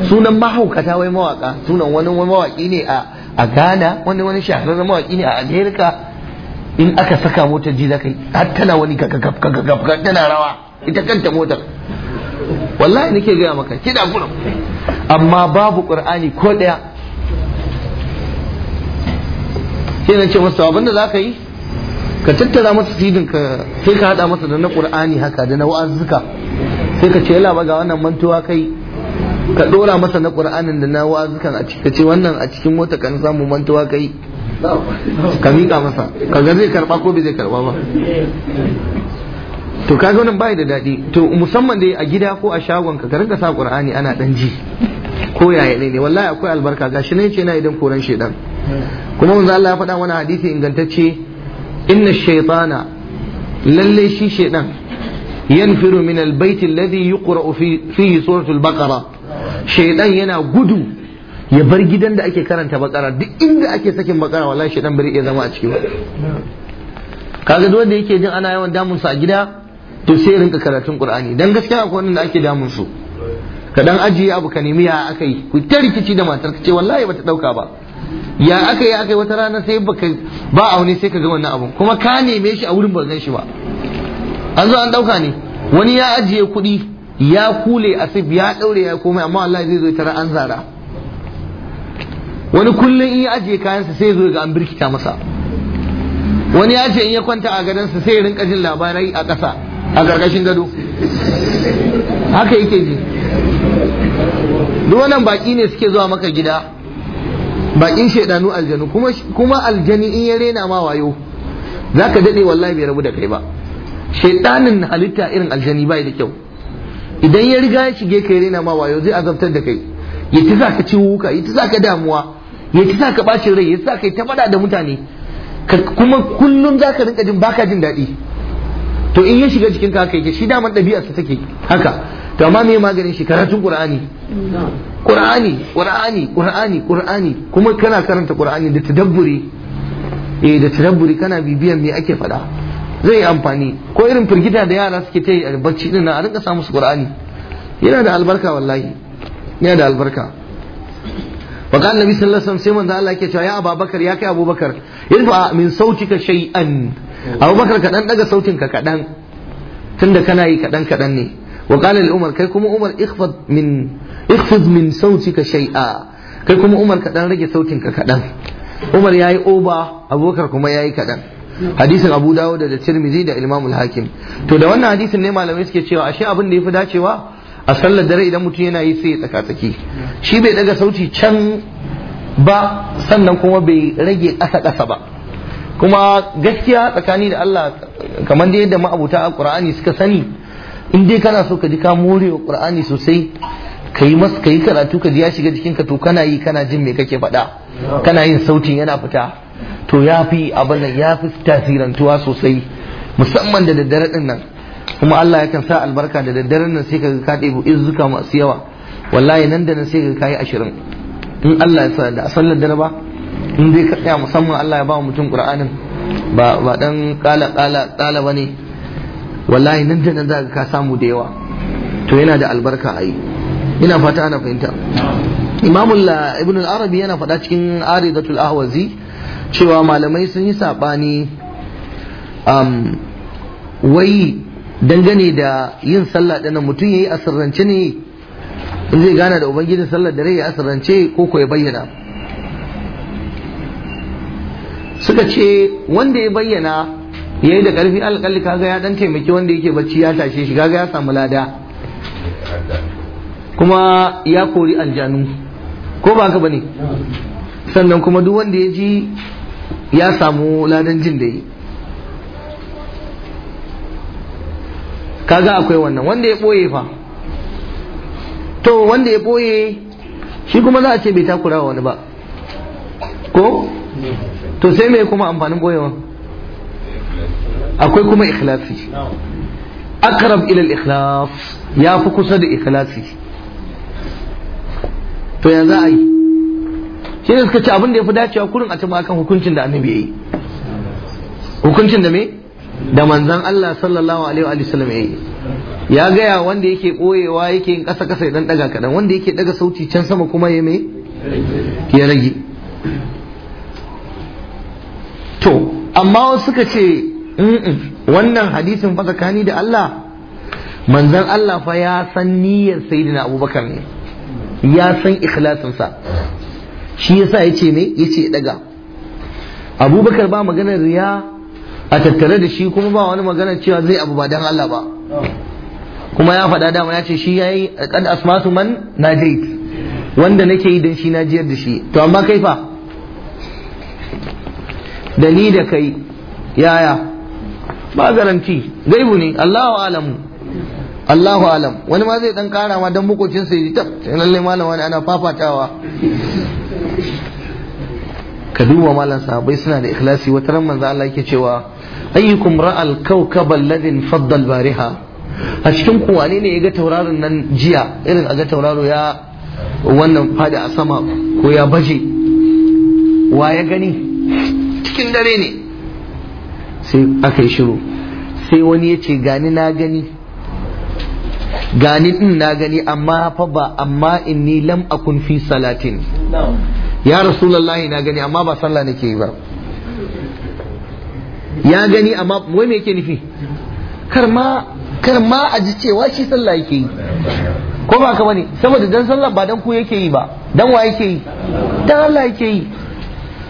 sunan mahaukata wai mawaƙa sunan wani mawaƙi ne a a Ghana wani wani shahararren mawaƙi ne a Amerika in aka saka motar ji zaka yi har tana wani kakakakakaka tana rawa ita kanta motar wallahi nake gaya maka kiɗa kurum amma babu ƙur'ani ko ɗaya. sai na ce masa abinda za ka yi ka tattara masa sidin ka sai ka hada masa da na qur'ani haka da na wa'azzuka sai ka ce yala ba ga wannan mantuwa kai ka dora masa na qur'anin da na wa'azzukan a cikin ce wannan a cikin mota kan samu mantuwa kai ka miƙa masa ka ga zai karba ko bai zai karba ba to kaga wannan bai da daɗi to musamman dai a gida ko a shagon ka rinka sa qur'ani ana dan ji ko yaya ne ne wallahi akwai albarka gashi ne ce na idan koran shedan kuma manzo Allah ya faɗa wani hadisi ingantacce inna shaytana lalle shi shedan yanfiru min albayt alladhi fi fihi suratul baqara shedan yana gudu ya bar gidan da ake karanta bakara duk inda ake sakin bakara wallahi shedan bari ya zama a ciki ba kaga duk wanda yake jin ana yawan damun damunsa a gida to sai rinka karatun qur'ani dan gaskiya akwai da ake damun su ka dan ajiye abu ka nemi ya aka ku ta rikici da matar ka ce wallahi bata dauka ba ya aka yi aka wata rana sai baka ba aune sai ka ga wannan abun kuma ka neme shi a wurin ba shi ba an zo an dauka ne wani ya ajiye kuɗi ya kule asib ya daure ya komai amma wallahi zai zo tara an zara wani kullum in ya ajiye kayansa sai zo ga an birkita masa wani ya ce in ya kwanta a gadansa sai ya rinka jin labarai a ƙasa a ƙarƙashin gado haka yake ji duk wannan baƙi ne suke zuwa maka gida baƙin shaidanu aljanu kuma aljani in ya rena ma wayo za ka wallahi bai rabu da kai ba shaidanin halitta irin aljani bai da kyau idan ya riga ya shige ya rena ma wayo zai azabtar da kai ya ta sa ka ciwuka ya ta ka damuwa ya ta ka bacin rai ya ta sa ta faɗa da mutane kuma kullum zaka ka rinka jin baka jin daɗi to in ya shiga cikin ka kai yake shi man ɗabi'ar sa take haka to amma me maganin shi karatun qur'ani qur'ani qur'ani qur'ani qur'ani kuma kana karanta qur'ani da tadabburi eh da tadabburi kana bibiyan me ake faɗa zai amfani ko irin firgita da yara suke ta yi a bacci din a rinka samu su qur'ani yana da albarka wallahi yana da albarka وقال النبي صلى الله عليه وسلم سيما الله يا Abubakar, بكر يا أبو بكر يدفع min sautika shay'an abubakar ka dan daga sautin ka kadan tunda kana yi kadan kadan ne wa qala umar kai kuma umar ikhfad min ikhfad min sautika kai kuma umar ka rage sautin ka kadan umar yayi oba bakar kuma yayi kaɗan. hadisin abu dawud da tirmizi da imam hakim to da wannan hadisin ne malamai suke cewa ashe abin da ya fi dacewa a sallar dare idan mutum yana yi sai ya tsaka tsaki shi bai daga sauti can ba sannan kuma bai rage ƙasa ƙasa ba kuma gaskiya tsakani da Allah kamar da yadda ma'abuta Qur'ani suka sani in dai kana so ka ji ka more wa Qur'ani sosai ka yi karatu ka ji ya shiga ka to kana yi kana jin me kake faɗa kana yin sautin yana fita to ya fi abin nan ya fi tasirantuwa sosai musamman da daddare din nan kuma Allah yakan sa albarka da daddare nan sai kaga ka ɗebo izuka masu yawa wallahi nan da nan sai kaga kayi ashirin in Allah ya sa da sallar dare ba in zai ka tsaya musamman Allah ya ba mutum Qur'anin ba ba dan kala kala kala bane wallahi nan da nan za ka samu da yawa to yana da albarka ai ina fata ana fahimta Imam eh, Ibn al-Arabi yana faɗa cikin Aridatul Ahwazi cewa malamai sun yi sabani um, wai dangane da yin sallah nan mutum yayi asirrance ne in zai gana da ubangiji sallar da rai ya asirrance ko ko ya bayyana suka ce wanda ya bayyana ya yi da ƙarfi alƙalli kaga ya dan taimaki wanda yake bacci ya tashe shi kaga ya samu lada kuma ya kori aljanu ko ba haka bane sannan kuma duk wanda ya ji ya samu ladan jin da yi kaga akwai wannan wanda ya ɓoye fa to wanda ya ɓoye shi kuma za a ce bai takura wani ba ko to sai mai kuma amfanin boyewa akwai kuma ikhlasi akrab ila ikhlas ya fi kusa da ikhlasi to ya za a yi shi ne suka ce abin da ya fi dacewa kurin a cikin akan hukuncin da annabi ya yi hukuncin da me da manzan Allah sallallahu alaihi wa sallam ya yi ya gaya wanda yake koyewa yake yin kasa kasa idan daga kadan wanda yake daga sauti can sama kuma ya me ya rage to amma suka ce wannan hadisin fa tsakani da Allah manzon Allah fa ya san niyyar sayyidina Abubakar ne ya san ikhlasinsa shi yasa ce me ce daga Abubakar ba maganar riya a tattare da shi kuma ba wani maganar cewa zai abu ba dan Allah ba kuma ya faɗa dama ya ce shi yayi qad asmasu man najayt wanda nake yi don shi na jiyar da shi to amma kai fa da da kai yaya ba garanti gaibu ne Allahu alam. Allahu alam wani ma zai dan kara ma dan mukocin sai ji tab lalle malam wani ana fafatawa ka duba malam sahabbai suna da ikhlasi wata ran manzo Allah yake cewa ayyukum ra'al kawkaba alladhi fadda bariha a cikin ku wane ne ya ga tauraron nan jiya irin a ga tauraro ya wannan fada a sama ko ya baje wa ya gani cikin dare ne sai aka yi shiru sai wani ya ce gani na gani gani din na gani amma fa ba amma inni lam akun fi salatin ya rasulullahi na gani amma ba sallah nake yi ba ya gani amma wai me yake nufi karma karma a ji cewa shi sallah yake yi ko ba ka bane saboda dan sallah ba dan ku yake yi ba dan wa yake yi dan Allah yake yi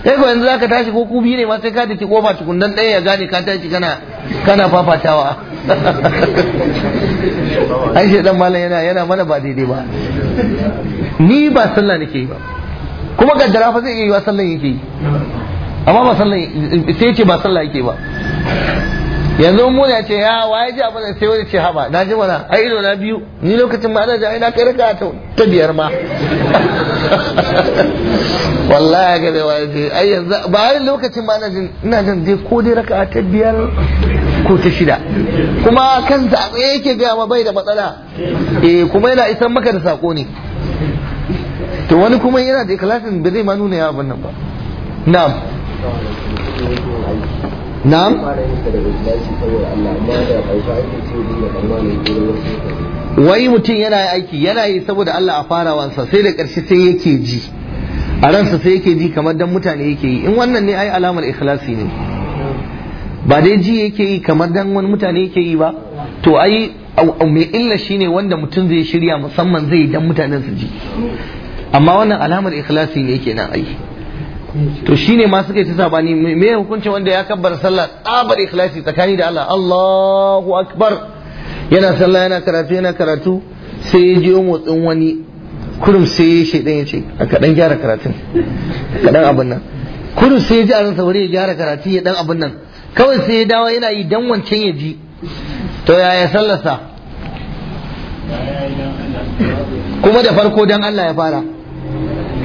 kai ko yanzu zaka tashi ko kubi ne ma sai ka dake kofa dan ɗaya ya gane ka tashi kana kana fafatawa ai dan malam yana yana mana ba daidai ba ni ba sallah nake yi ba kuma ga fa zai iya yi wa sallah yake yi amma ba sallah sai ce ba sallah yake ba yanzu mu ne ce ya waye ji abin sai wani ce haba na ji mana ai ido na biyu ni lokacin ma ana da ina kai raka ta biyar ma wallahi ga da waye ji ai yanzu ba ai lokacin ma ana ji ina jin dai ko dai raka ta biyar ko ta shida kuma kansa a yake ga ma bai da matsala eh kuma yana isan maka da sako ne to wani kuma yana da ikhlasin ba zai ma nuna ya abin nan ba na'am na'am wai mutum yana aiki yana yi saboda Allah a farawansa sai da ƙarshe sai yake ji a ransa sai yake ji kamar dan mutane yake yi in wannan ne ai alamar ikhlasi ne ba dai ji yake yi kamar dan wani mutane yake yi ba to ai mai illa shine wanda mutum zai shirya musamman zai dan mutanen su ji amma wannan alamar ikhlasi ne yake na ai to shine ma suka yi ta sabani me hukuncin wanda ya kabbar sallah tsabar ikhlasi tsakani da Allah Allahu akbar yana sallah yana karatu yana karatu sai ya ji motsin wani kurum sai ya shaidan ya ce a kaɗan gyara karatun kaɗan abin nan kurum sai ya ji a ransa ya gyara karatu ya dan abin nan kawai sai ya dawo yana yi dan wancan ya ji to yaya sallarsa kuma da farko dan Allah ya fara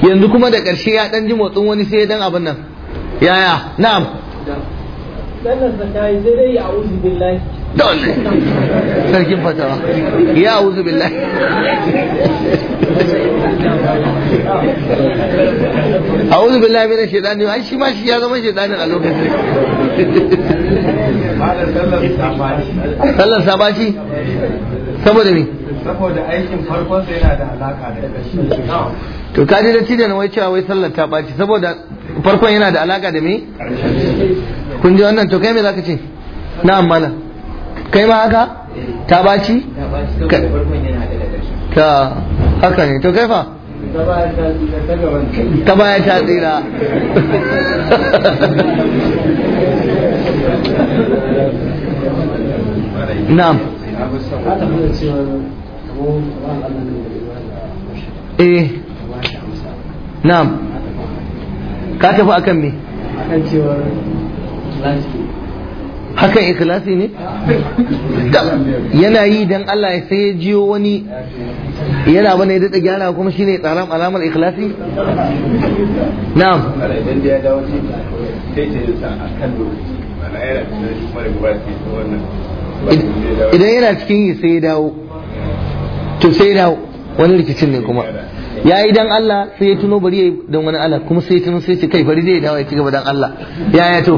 yanzu kuma da ƙarshe ya ɗan ji motsin wani sai dan abin nan yaya na'am dole sarkin fatawa ya auzu billahi auzu billahi mina shaidani ai shi ma shi ya zama shaidanin a lokacin sallar sabaci saboda ne saboda aikin farkon yana da alaka da ƙarshe to kaji da cidan wai cewa wai sallar ta ɓaci saboda farkon yana da alaka da me kun ji wannan to kai me zaka ce na amala kai ma haka eh. ta ɓaci ta haka ne to kai fa ta baya ta tsira na'am eh na'am ka tafi akan me akan cewar hakan ikilasi ne yana yi dan Allah ya sai jiyo wani yana bane da gyara kuma shi ne tsaram alamar ikilasi? na'am idan idan yana cikin yi sai ya dawo to sai na wani rikicin ne kuma ya yi dan Allah sai ya tuno bari ya yi dan wani Allah kuma sai ya tuno sai ce kai bari zai dawo ya ci gaba dan Allah ya ya to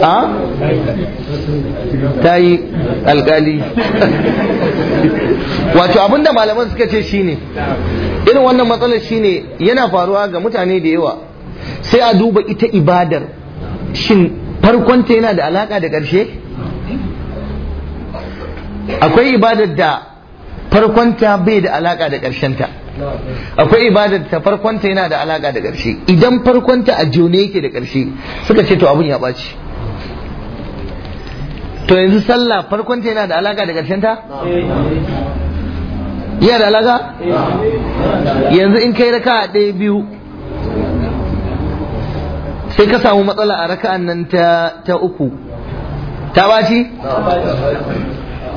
a ta yi alkali wato abinda malaman suka ce shine irin wannan matsalar shine yana faruwa ga mutane da yawa sai a duba ita ibadar shin farkonta yana da alaka da ƙarshe akwai ibadar da farkonta bai da alaka da ta. akwai ibadar ta farkonta yana da alaka da ƙarshe idan farkonta a jone yake da ƙarshe suka ce to abun ya ɓaci to yanzu sallah farkonta yana da alaka da ta? yana da alaka yanzu in kai raka a ɗaya biyu sai ka samu matsala a raka'an nan ta uku ta ɓaci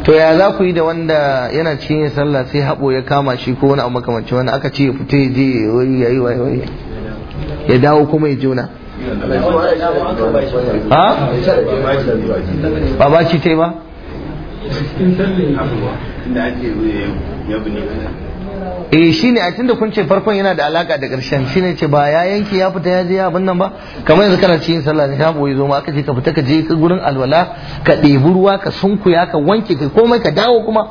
to ya za ku yi da wanda yana cikin yin sallah sai haɓo ya kama shi ko wani abu makamanci wani aka ce fito ya je ya yi waye ya dawo kuma ya juna ha ba ta yi ba eh shine a tunda kun ce farkon yana da alaka da ƙarshen shine ce ba ya yanki ya fita ya je abin nan ba kamar yanzu kana cikin sallah ne ka boye zo ma aka ce ka fita ka je ka gurin alwala ka ɗebi ruwa ka sunkuya ka wanke kai komai ka dawo kuma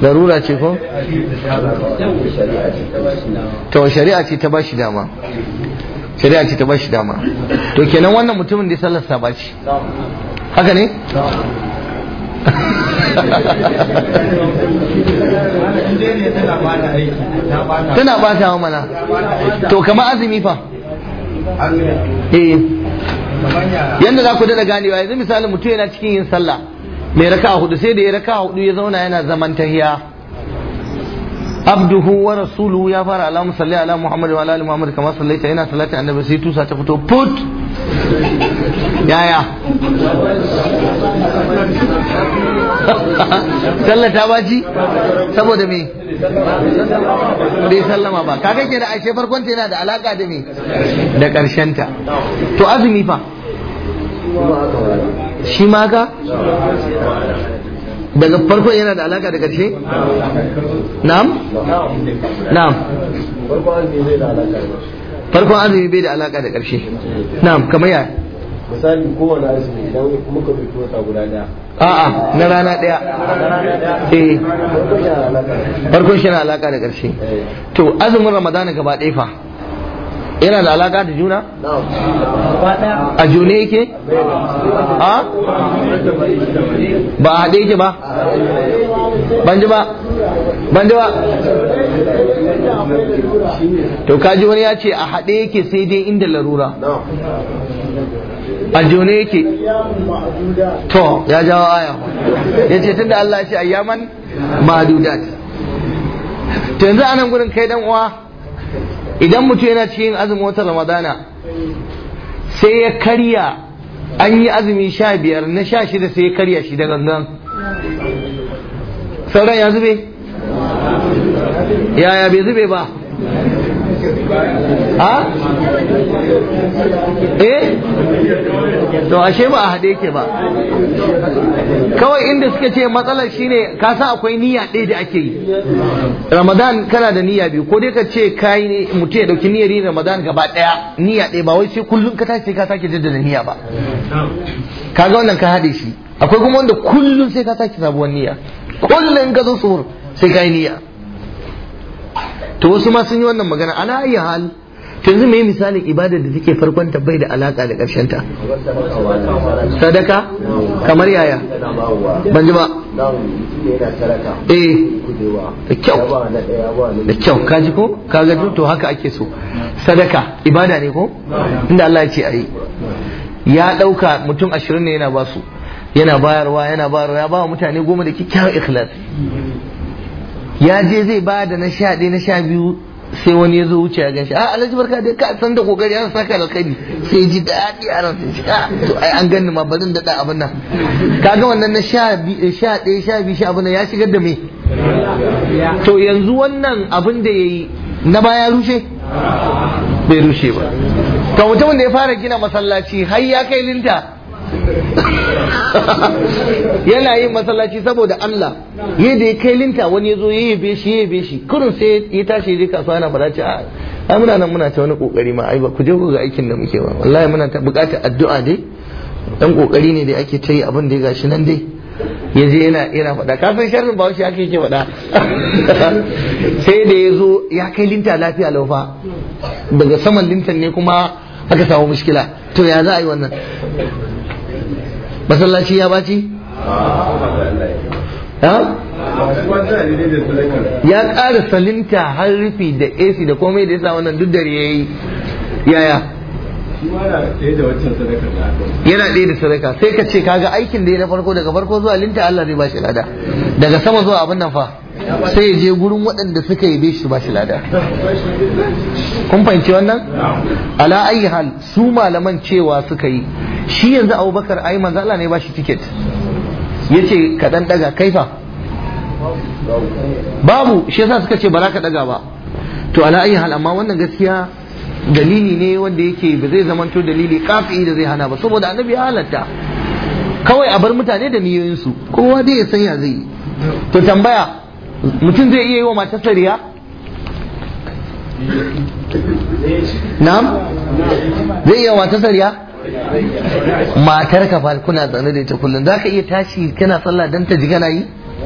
darura ce ko to shari'a ce ta bashi dama shari'a ce ta bashi dama to kenan wannan mutumin da sallar sa baci haka ne tana ta hau mana to kama azumi fa eh yanda za ku dada ganewa yanzu misalin mutum yana cikin yin sallah mai raka hudu sai da ya raka hudu ya zauna yana zaman tahiya abduhu wa rasuluhu ya fara alamu salli ala muhammad wa ala muhammad kama ta ina salati annabi sai tusa ta fito put yaya sallah ta baci saboda me bai sallama ba kaga ke da ashe farkon ta yana da alaka da me da karshen ta to azumi fa shi ma ga daga farko yana da alaka da karshe na'am na'am farkon azumi bai da alaka da karshe na'am kamar ya misali kowane azumi idan muka fito wata guda daya a'a na rana daya eh farkon shi na alaka da karshe eh. to azumin ramadana gaba ɗaya fa yana da alaka da juna a june yake a ba a haɗe yake ba ban ji ba ban ji ba to kaji wani ya ce a haɗe yake sai dai inda larura a june yake to ya jawo aya ya ce tun da Allah ce a yaman ma'adudat to yanzu anan gurin kai dan uwa idan mutum yana cikin azumi wata ramadana sai ya karya an yi azumi sha biyar na sha shida sai ya karya shi da gangan sauran ya zube yaya bai zube ba ha eh to ashe ba a haɗe yake ba kawai inda suka ce matsalar shine ka sa akwai niyya ɗaya da ake yi ramadan kana da niyya biyu ko dai ka ce kai ne mutum ya dauki niyyar yin ramadan gaba ɗaya niyya ɗaya ba wai sai kullum ka tashi ka sake jaddada niyya ba kaga wannan ka haɗe shi akwai kuma wanda kullum sai ka sake sabuwar niyya kullum ka zo suhur sai ka yi niyya to wasu ma sun yi wannan magana ana yi hali. yanzu mai misalin ibadar da take farkon ta bai da alaka da ƙarshen ta sadaka kamar yaya ban ji ba eh da kyau da kyau ka ji ko ka ga to haka ake so sadaka ibada ne ko inda Allah ya ce ayi ya ɗauka mutum ashirin ne yana basu yana bayarwa yana bayarwa ya ba mutane goma da kyakkyawan ikhlas ya je zai ba da na sha ɗaya na sha biyu sai wani ya zo wuce ya gashi a ah, alhaji barka da ka san da kokari an saka alkhairi sai ji daɗi a ransa shi ah, to ai an ganni ma barin da abin nan kaga wannan na sha eh, sha ɗaya sha biyu sha abin nan ya shigar da me to yanzu wannan abin da yayi na baya rushe bai rushe ba to mutumin da ya fara gina masallaci har ya kai linta yana yin masallaci saboda Allah yadda ya kai linta wani ya zo ya yi beshi ya yi shi kurun sai ya tashi ya je kasuwa yana bara ce a muna nan muna ta wani kokari ma ai ba ku je ku ga aikin da muke ba wallahi muna ta bukatar addu'a dai dan kokari ne da ake ta yi abin da ya gashi nan dai ya je yana yana faɗa kafin sharrin shi ake ke faɗa sai da ya zo ya kai linta lafiya laufa daga saman lintan ne kuma aka samu mushkila to ya za a yi wannan masallaci ya baci ya kara salinta har rufi da ac da komai da yasa wannan duk dare yayi yaya yana ɗaya da sadaka sai ka ce kaga aikin da ya na farko daga farko zuwa linta Allah zai bashi lada daga sama zuwa abin nan fa sai ya je gurin waɗanda suka yabe shi bashi lada kun fahimci wannan ala ayi hal su malaman cewa suka yi shi yanzu abubakar ai manzo Allah ne ba shi tiket Ya ka dan daga kaifa babu shi yasa suka ce ba za ka daga ba to ala ayi hal amma wannan gaskiya dalili ne wanda yake ba zai zamanto dalili kafi da zai hana ba saboda annabi ya halatta kawai a bar mutane da niyoyinsu kowa dai ya san ya zai to tambaya mutum zai iya yi wa na'am zai iya wa matarsa matar ka fa kuna zaune da ita kullum za ka iya tashi kana sallah dan ta ji gana yi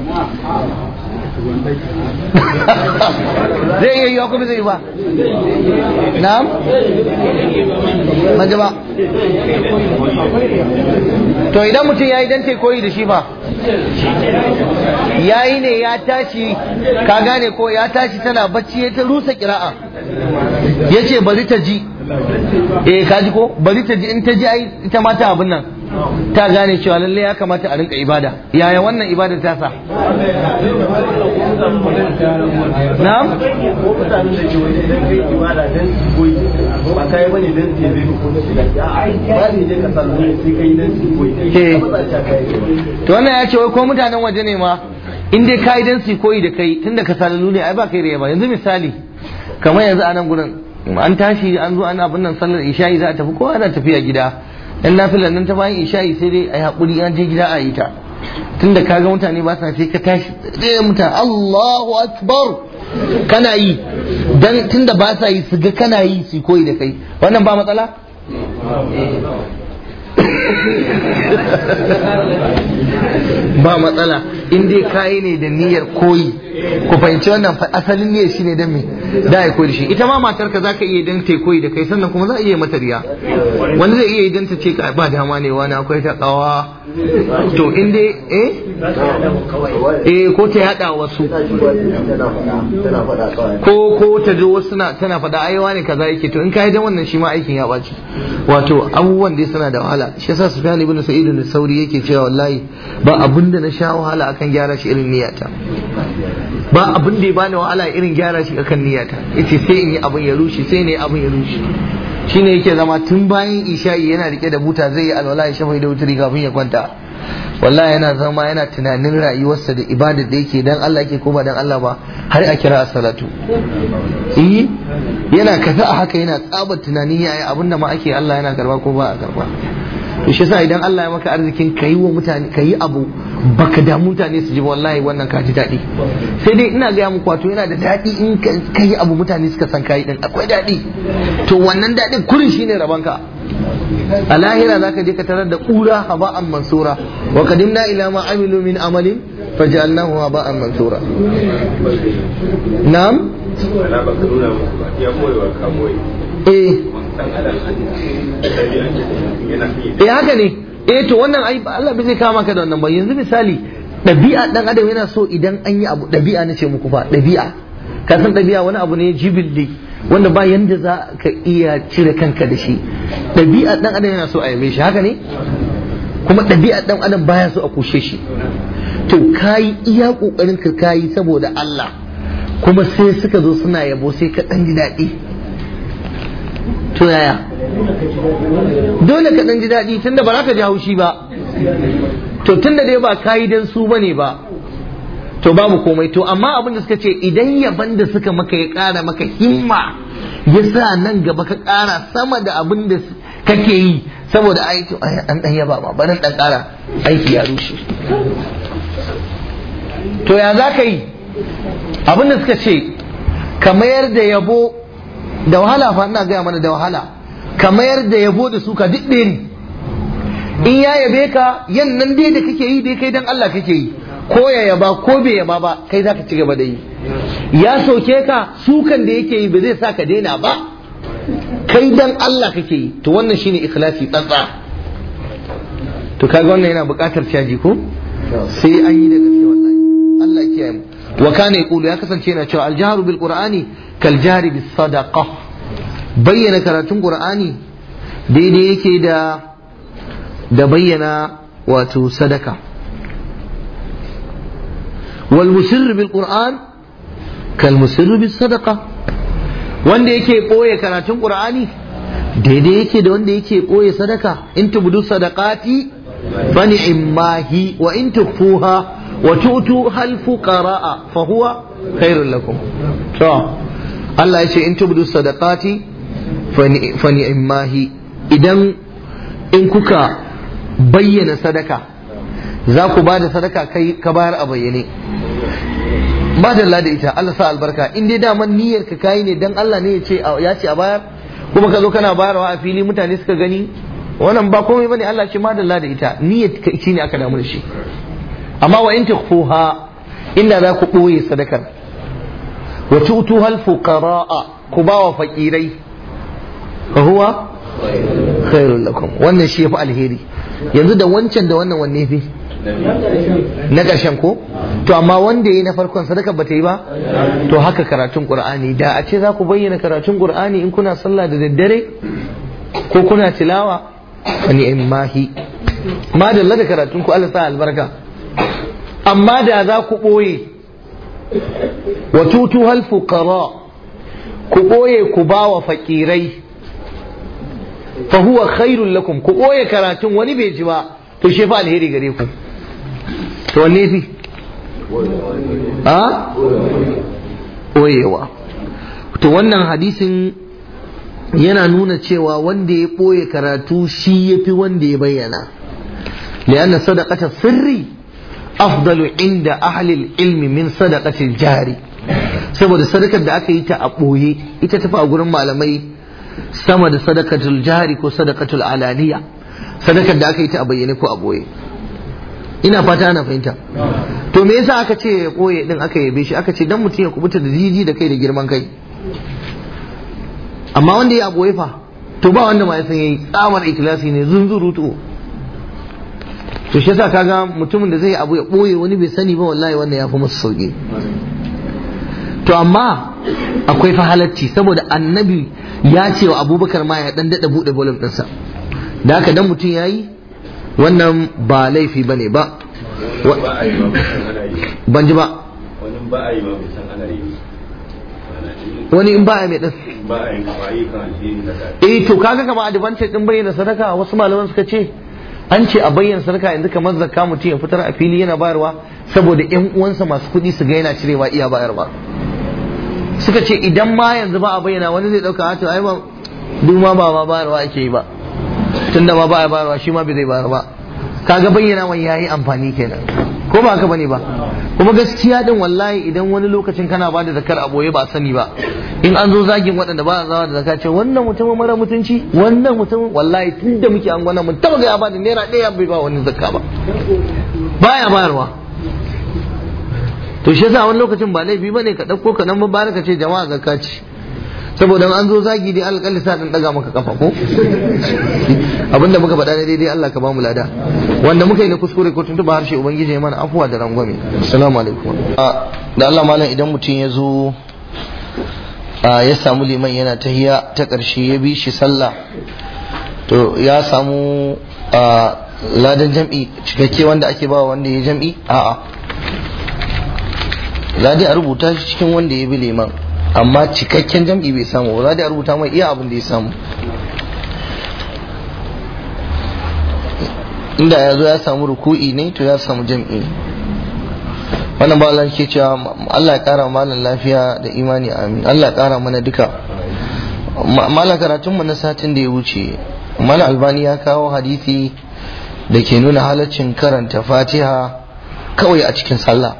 zai iya yiwa kuma zai ba na'am maji to idan mutum ya yi dan ta koyi da shi ba ya yi ne ya tashi ka gane ko ya tashi tana bacci ya ta rusa kira'a ya ce bari ta ji eh kaji ko bari ta ji in ta ji ai ita ma ta abin nan ta gane cewa lalle ya kamata a rinka ibada yaya wannan ibada ta sa na'am to wannan ya ce wai ko mutanen waje ne ma in dai ka yi dan su koyi da kai tunda ka salalu ne ai ba kai da yaba yanzu misali kamar yanzu a nan gurin an tashi an zo ana abin nan sallar isha'i za a tafi kowa na tafiya gida yan nafila nan ta bayan isha'i sai dai a yi haƙuri an je gida a yi ta tunda kaga mutane ba sa sai ka tashi ɗaya mutane Allahu akbar kana yi dan tunda ba sa yi su ga kana yi su koyi da kai wannan ba matsala ba matsala in dai kayi ne da niyyar koyi ku fahimci wannan asalin niyyar shine dan me da ya koyi shi ita ma matar ka zaka iya dan ta koyi da kai sannan kuma za a iya mata riya wani zai iya idan ta ce ba dama ne wani akwai ta kawa to in dai eh eh ko ta yada wasu ko ko ta ji wasu na tana faɗa aiwa ne kaza yake to in ka dan wannan shi ma aikin ya baci wato abubuwan dai suna da wahala shi yasa Sufyan ibnu Sa'id ibn Sauri yake cewa wallahi ba abun da na sha wahala akan gyara shi irin niyyata ba abun da ya bani wahala irin gyara shi akan niyyata yace sai in yi abun ya rushe sai ne abun ya rushe shine yake zama tun bayan isha'i yana rike da buta zai yi alwala ya shafa da wuturi kafin ya kwanta wallahi yana zama yana tunanin rayuwarsa da ibadar da yake dan Allah yake ko ba dan Allah ba har a kira salatu eh yana kafa a haka yana tsaba tunanin yayi abinda ma ake Allah yana karba ko ba a karba to shi yasa idan Allah ya maka arzikin kayi wa mutane kayi abu baka da mutane su ji wallahi wannan ka ji daɗi sai dai ina gaya muku wato yana da daɗi in ka abu mutane suka san kayi din akwai daɗi to wannan daɗin kurin shine ka. a lahira za ka je ka tarar da ƙura haba'an mansura wa qadimna ila ma amilu min amalin faj'alnahu haba'an mansura na'am eh eh haka ne eh to wannan ai Allah bai zai kama ka da wannan ba yanzu misali ɗabi'a ɗan adam yana so idan an yi abu ɗabi'a na ce muku fa ɗabi'a ka san ɗabi'a wani abu ne jibilli wanda ba yanda za ka iya cire kanka da shi ɗabi'a ɗan adam yana so a yabe shi haka ne kuma ɗabi'a ɗan adam baya so a kushe shi to kayi iya ƙoƙarin ka kayi saboda Allah kuma sai suka zo suna yabo sai ka ɗan ji daɗi to yaya dole ka dan ji daɗi tunda ba za ka ji haushi ba to tunda dai ba kayi dan su bane ba to babu komai to amma abin da suka ce idan yaban da suka maka ya ƙara maka himma ya sa nan gaba ka ƙara sama da abin da kake yi saboda ai to an dan yaba ba, barin dan ƙara aiki ya rushe to ya za ka yi abin da suka ce ka mayar da yabo da wahala fa ina gaya mana da wahala kamar da yabo da suka duk ɗaya in ya yabe ka yan nan dai da kake yi dai kai dan Allah kake yi ko ya yaba ko bai yaba ba kai zaka ci gaba da yi ya soke ka sukan da yake yi ba zai sa ka daina ba kai dan Allah kake yi to wannan shine ikhlasi tsatsa to kaga wannan yana buƙatar caji ko sai an yi da gaske wallahi Allah ya kiyaye mu wa kana yaqulu ya kasance yana cewa al bil qur'ani kaljari bis sadaqa bayyana karatun qur'ani daidai yake da bayyana wato sadaka wal musirr bil qur'an kal musirr bis sadaqa wanda yake boye karatun qur'ani daidai yake da wanda yake ɓoye sadaka in tubdu sadaqati fa ni'mahi wa in tufuha wa tu'tu hal fuqara Allah ya ce in tubdu sadaqati fa ni'mahi idan in kuka bayyana sadaka za ku ba da sadaka kai ka bayar a bayyane ba da da ita Allah sa albarka in dai daman niyyar ka kai ne dan Allah ne ya ce ya ce a bayar kuma ka zo kana bayarwa a fili mutane suka gani wannan ba komai bane Allah ce ma da da ita niyyar ka shine aka damu da shi amma wa in tukhuha inda za ku boye sadakar wa tutu hal fuqara'a ku ba wa fakirai fa huwa lakum wannan shi fi alheri yanzu da wancan da wannan wanne fi na ƙarshen ko to amma wanda yi na farkon sadaka bata yi ba to haka karatun qur'ani da a ce za ku bayyana karatun qur'ani in kuna sallah da daddare ko kuna tilawa wani in mahi ma da karatun ku Allah sa albarka amma da za ku ɓoye wa tutuhal fuqara ku ɓoye ku ba wa fakirai fa huwa khairul lakum ku ɓoye karatun wani bai ji ba to shi fa alheri gare ku to wanne fi a ɓoyewa to wannan hadisin yana nuna cewa wanda ya ɓoye karatu shi ya fi wanda ya bayyana li'anna sadaqata sirri afdalu inda ahlil ilmi min sadaqatil jari saboda sadakar da aka yi ta a ɓoye ita tafi a gurin malamai sama da sadakatul jari ko sadakatul alaniya sadakar da aka yi ta a bayyane ko a ɓoye ina fata ana fahimta to me yasa aka ce ya ɓoye din aka yabe shi aka ce dan mutum ya kubuta da jiji da kai da girman kai amma wanda ya ɓoye fa to ba wanda ma ya san yayi tsamar ikhlasi ne zunzurutu to shi yasa kaga mutumin da zai abu ya boye wani bai sani ba wallahi wannan ya fi masu sauki to amma akwai fahalarci saboda annabi ya ce wa abubakar ma ya dan dada buɗe bolum ɗinsa da haka dan mutum ya yi. wannan ba laifi ba ne ba ban ji ba wani in ba a mai din eh to kaga kama advantage bai bayyana sadaka wasu malaman suka ce an ce a bayyana sarka yanzu kamar zakka mutum ya fitar a fili yana bayarwa saboda yan uwansa masu kuɗi su ga yana cirewa iya bayarwa suka ce idan ma yanzu ba a bayyana wani zai ɗauka hatu ah, ai ba ma ba ma bayarwa ake yi ba tunda ma ba a bayarwa shi ma bai zai bayar ba kaga bayyana wani yayi amfani kenan ko ba haka bane ba kuma gaskiya din wallahi idan wani lokacin kana ba da zakar a boye ba sani ba in an zo zagin waɗanda ba zawa da zakar ce wannan mutumin mara mutunci wannan mutumin wallahi tun da muke an gwana mun taba ga ba bada naira ɗaya bai ba wani zakka ba baya bayarwa to shi yasa wani lokacin ba laifi bane ka ɗauko ka nan ba ka ce jama'a zakka ce saboda an zo zagi dai alƙalli sa dan maka ƙafa ko abinda muka faɗa ne daidai Allah ka ba mu lada wanda muka yi na kuskure ko tuntuba harshe ubangiji ya mana afuwa da rangwame assalamu alaikum da Allah malam idan mutum ya zo ya samu liman yana ta tahiya ta ƙarshe ya bi shi sallah to ya samu ladan jam'i cikakke wanda ake ba wanda ya jam'i a'a ladi a rubuta shi cikin wanda ya bi liman amma cikakken jam'i bai samu ba za a rubuta mai iya abin da ya samu inda ya zo ya samu ruku'i ne to ya samu jam'i wannan ba Allah ke cewa Allah ya kara malam lafiya da imani amin Allah ya kara mana duka malam karatun mu na satin da ya wuce malam albani ya kawo hadisi da ke nuna halaccin karanta fatiha kawai a cikin sallah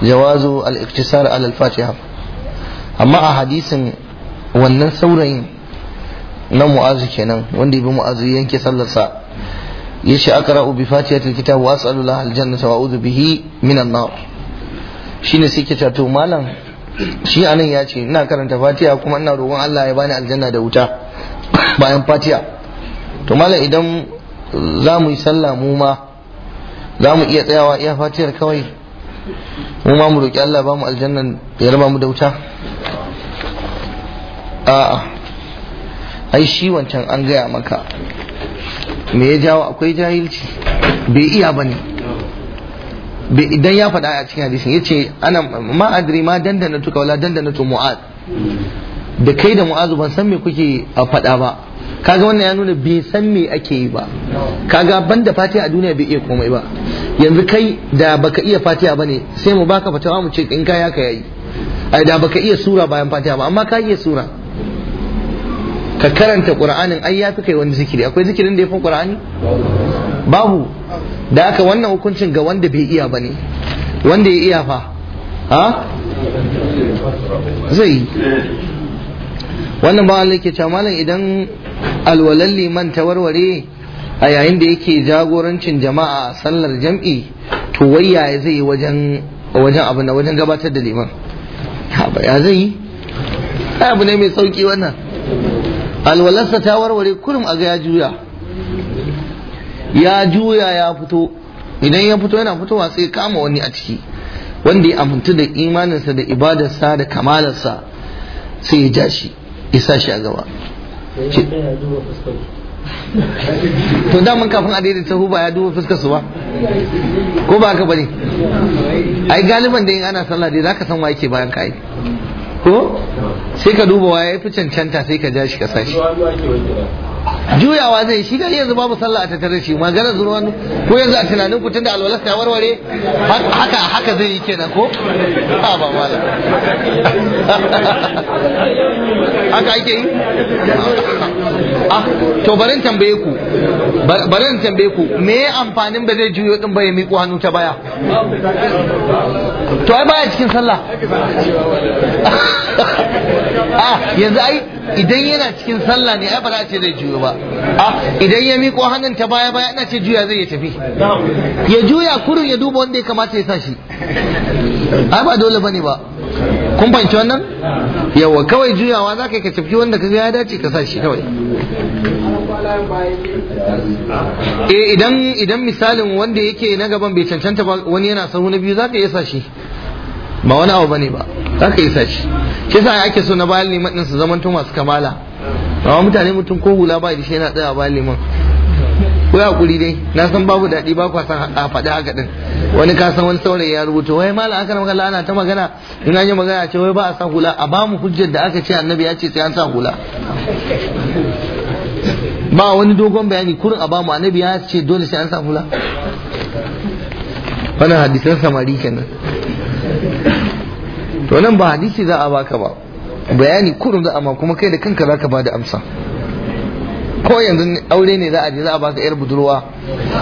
jawazu al-iktisar al-fatiha amma a hadisin wannan saurayin na mu'azu kenan wanda ibi mu'azu yanke sallarsa ya ce aka ra'ubi fatihatil kitab wa as'alu la aljanna wa a'udhu bihi minan nar shine sai kace to malam shi anan ya ce ina karanta fatiha kuma ina roƙon Allah ya bani aljanna da wuta bayan fatiha to malam idan za mu yi sallah mu ma za mu iya tsayawa iya fatiyar kawai mu ma mu roƙi Allah ba mu aljanna ya raba mu da wuta a'a ai shi wancan an gaya maka me ya jawo akwai jahilci bai iya ba ne idan ya faɗa a cikin hadisin ya ce ana ma adri ma dandana tuka wala dandana tu mu'ad da kai da mu'azu ban san me kuke a faɗa ba kaga wannan ya nuna bai san me ake yi ba kaga banda fatiha a duniya bai iya komai ba yanzu kai da baka iya fatiha bane sai mu baka fatawa mu ce in ka ya ka yayi ai da baka iya sura bayan fatiha ba amma ka iya sura ka karanta qur'anin ai ya fi kai wani zikiri akwai zikirin da ya fi qur'ani babu da aka wannan hukuncin ga wanda bai iya bane wanda ya iya fa ha zai wannan ba Allah cewa malam idan alwalan liman ta warware a yayin da yake jagorancin jama'a sallar jam'i to wai zai wajen wajen abu na wajen gabatar da liman ya zai yi abu ne mai sauki wannan alwalarsa ta warware kurum a ga ya juya ya juya ya fito idan ya fito yana fitowa sai kama wani a ciki wanda ya amintu da imaninsa da ibadarsa da kamalarsa sai ya ja shi isa shi a gaba to daman kafin a ta huba ba ya duba fuskar su ba ko ba haka bane ai galiban da in ana sallah dai zaka san wa yake bayan ka ko sai ka duba wa ya fi cancanta sai ka ja shi ka sashi juyawa zai shi gari yanzu babu sallah a tattare shi maganar zuruwan ko yanzu a tunanin ku tunda alwalas ta warware haka haka zai yi kenan ko a ba mala haka ake yi ah to barin tambaye ku barin tambaye ku me amfanin ba zai juyo din ba ya miƙo hannu ta baya to ai baya cikin sallah a ah, yanzu ai idan yana cikin sallah ne ai ba za a ce zai juyo ba a ah, idan ya miko hannun ta baya baya ana ce juya zai ya tafi ya juya kurun ya duba wanda ya kamata ya sa shi ai ba dole bane ba kun fahimci wannan yawa kawai juyawa za ka yi ka tafi wanda ka ga ya dace ka sa shi kawai Eh idan idan misalin wanda yake na gaban bai cancanta ba wani yana sahu na biyu za ka iya sa shi ba wani abu bane ba za ka isa shi shi sa ake so na bayan liman din su tun masu kamala amma mutane mutum ko hula ba shi yana tsaya bayan liman ko ya kuri dai na san babu daɗi ba kwa san a faɗi haka din wani ka san wani saurayi ya rubuta wai malam aka magana ana ta magana in an yi magana ce wai ba a sa hula a ba mu hujjar da aka ce annabi ya ce sai an sa hula ba wani dogon bayani kurin a ba mu annabi ya ce dole sai an sa hula wannan hadisan samari kenan to nan ba hadisi za a baka ba bayani kurum za a ma kuma kai da kanka za ka ba da amsa ko yanzu aure ne za a je za a baka yar budurwa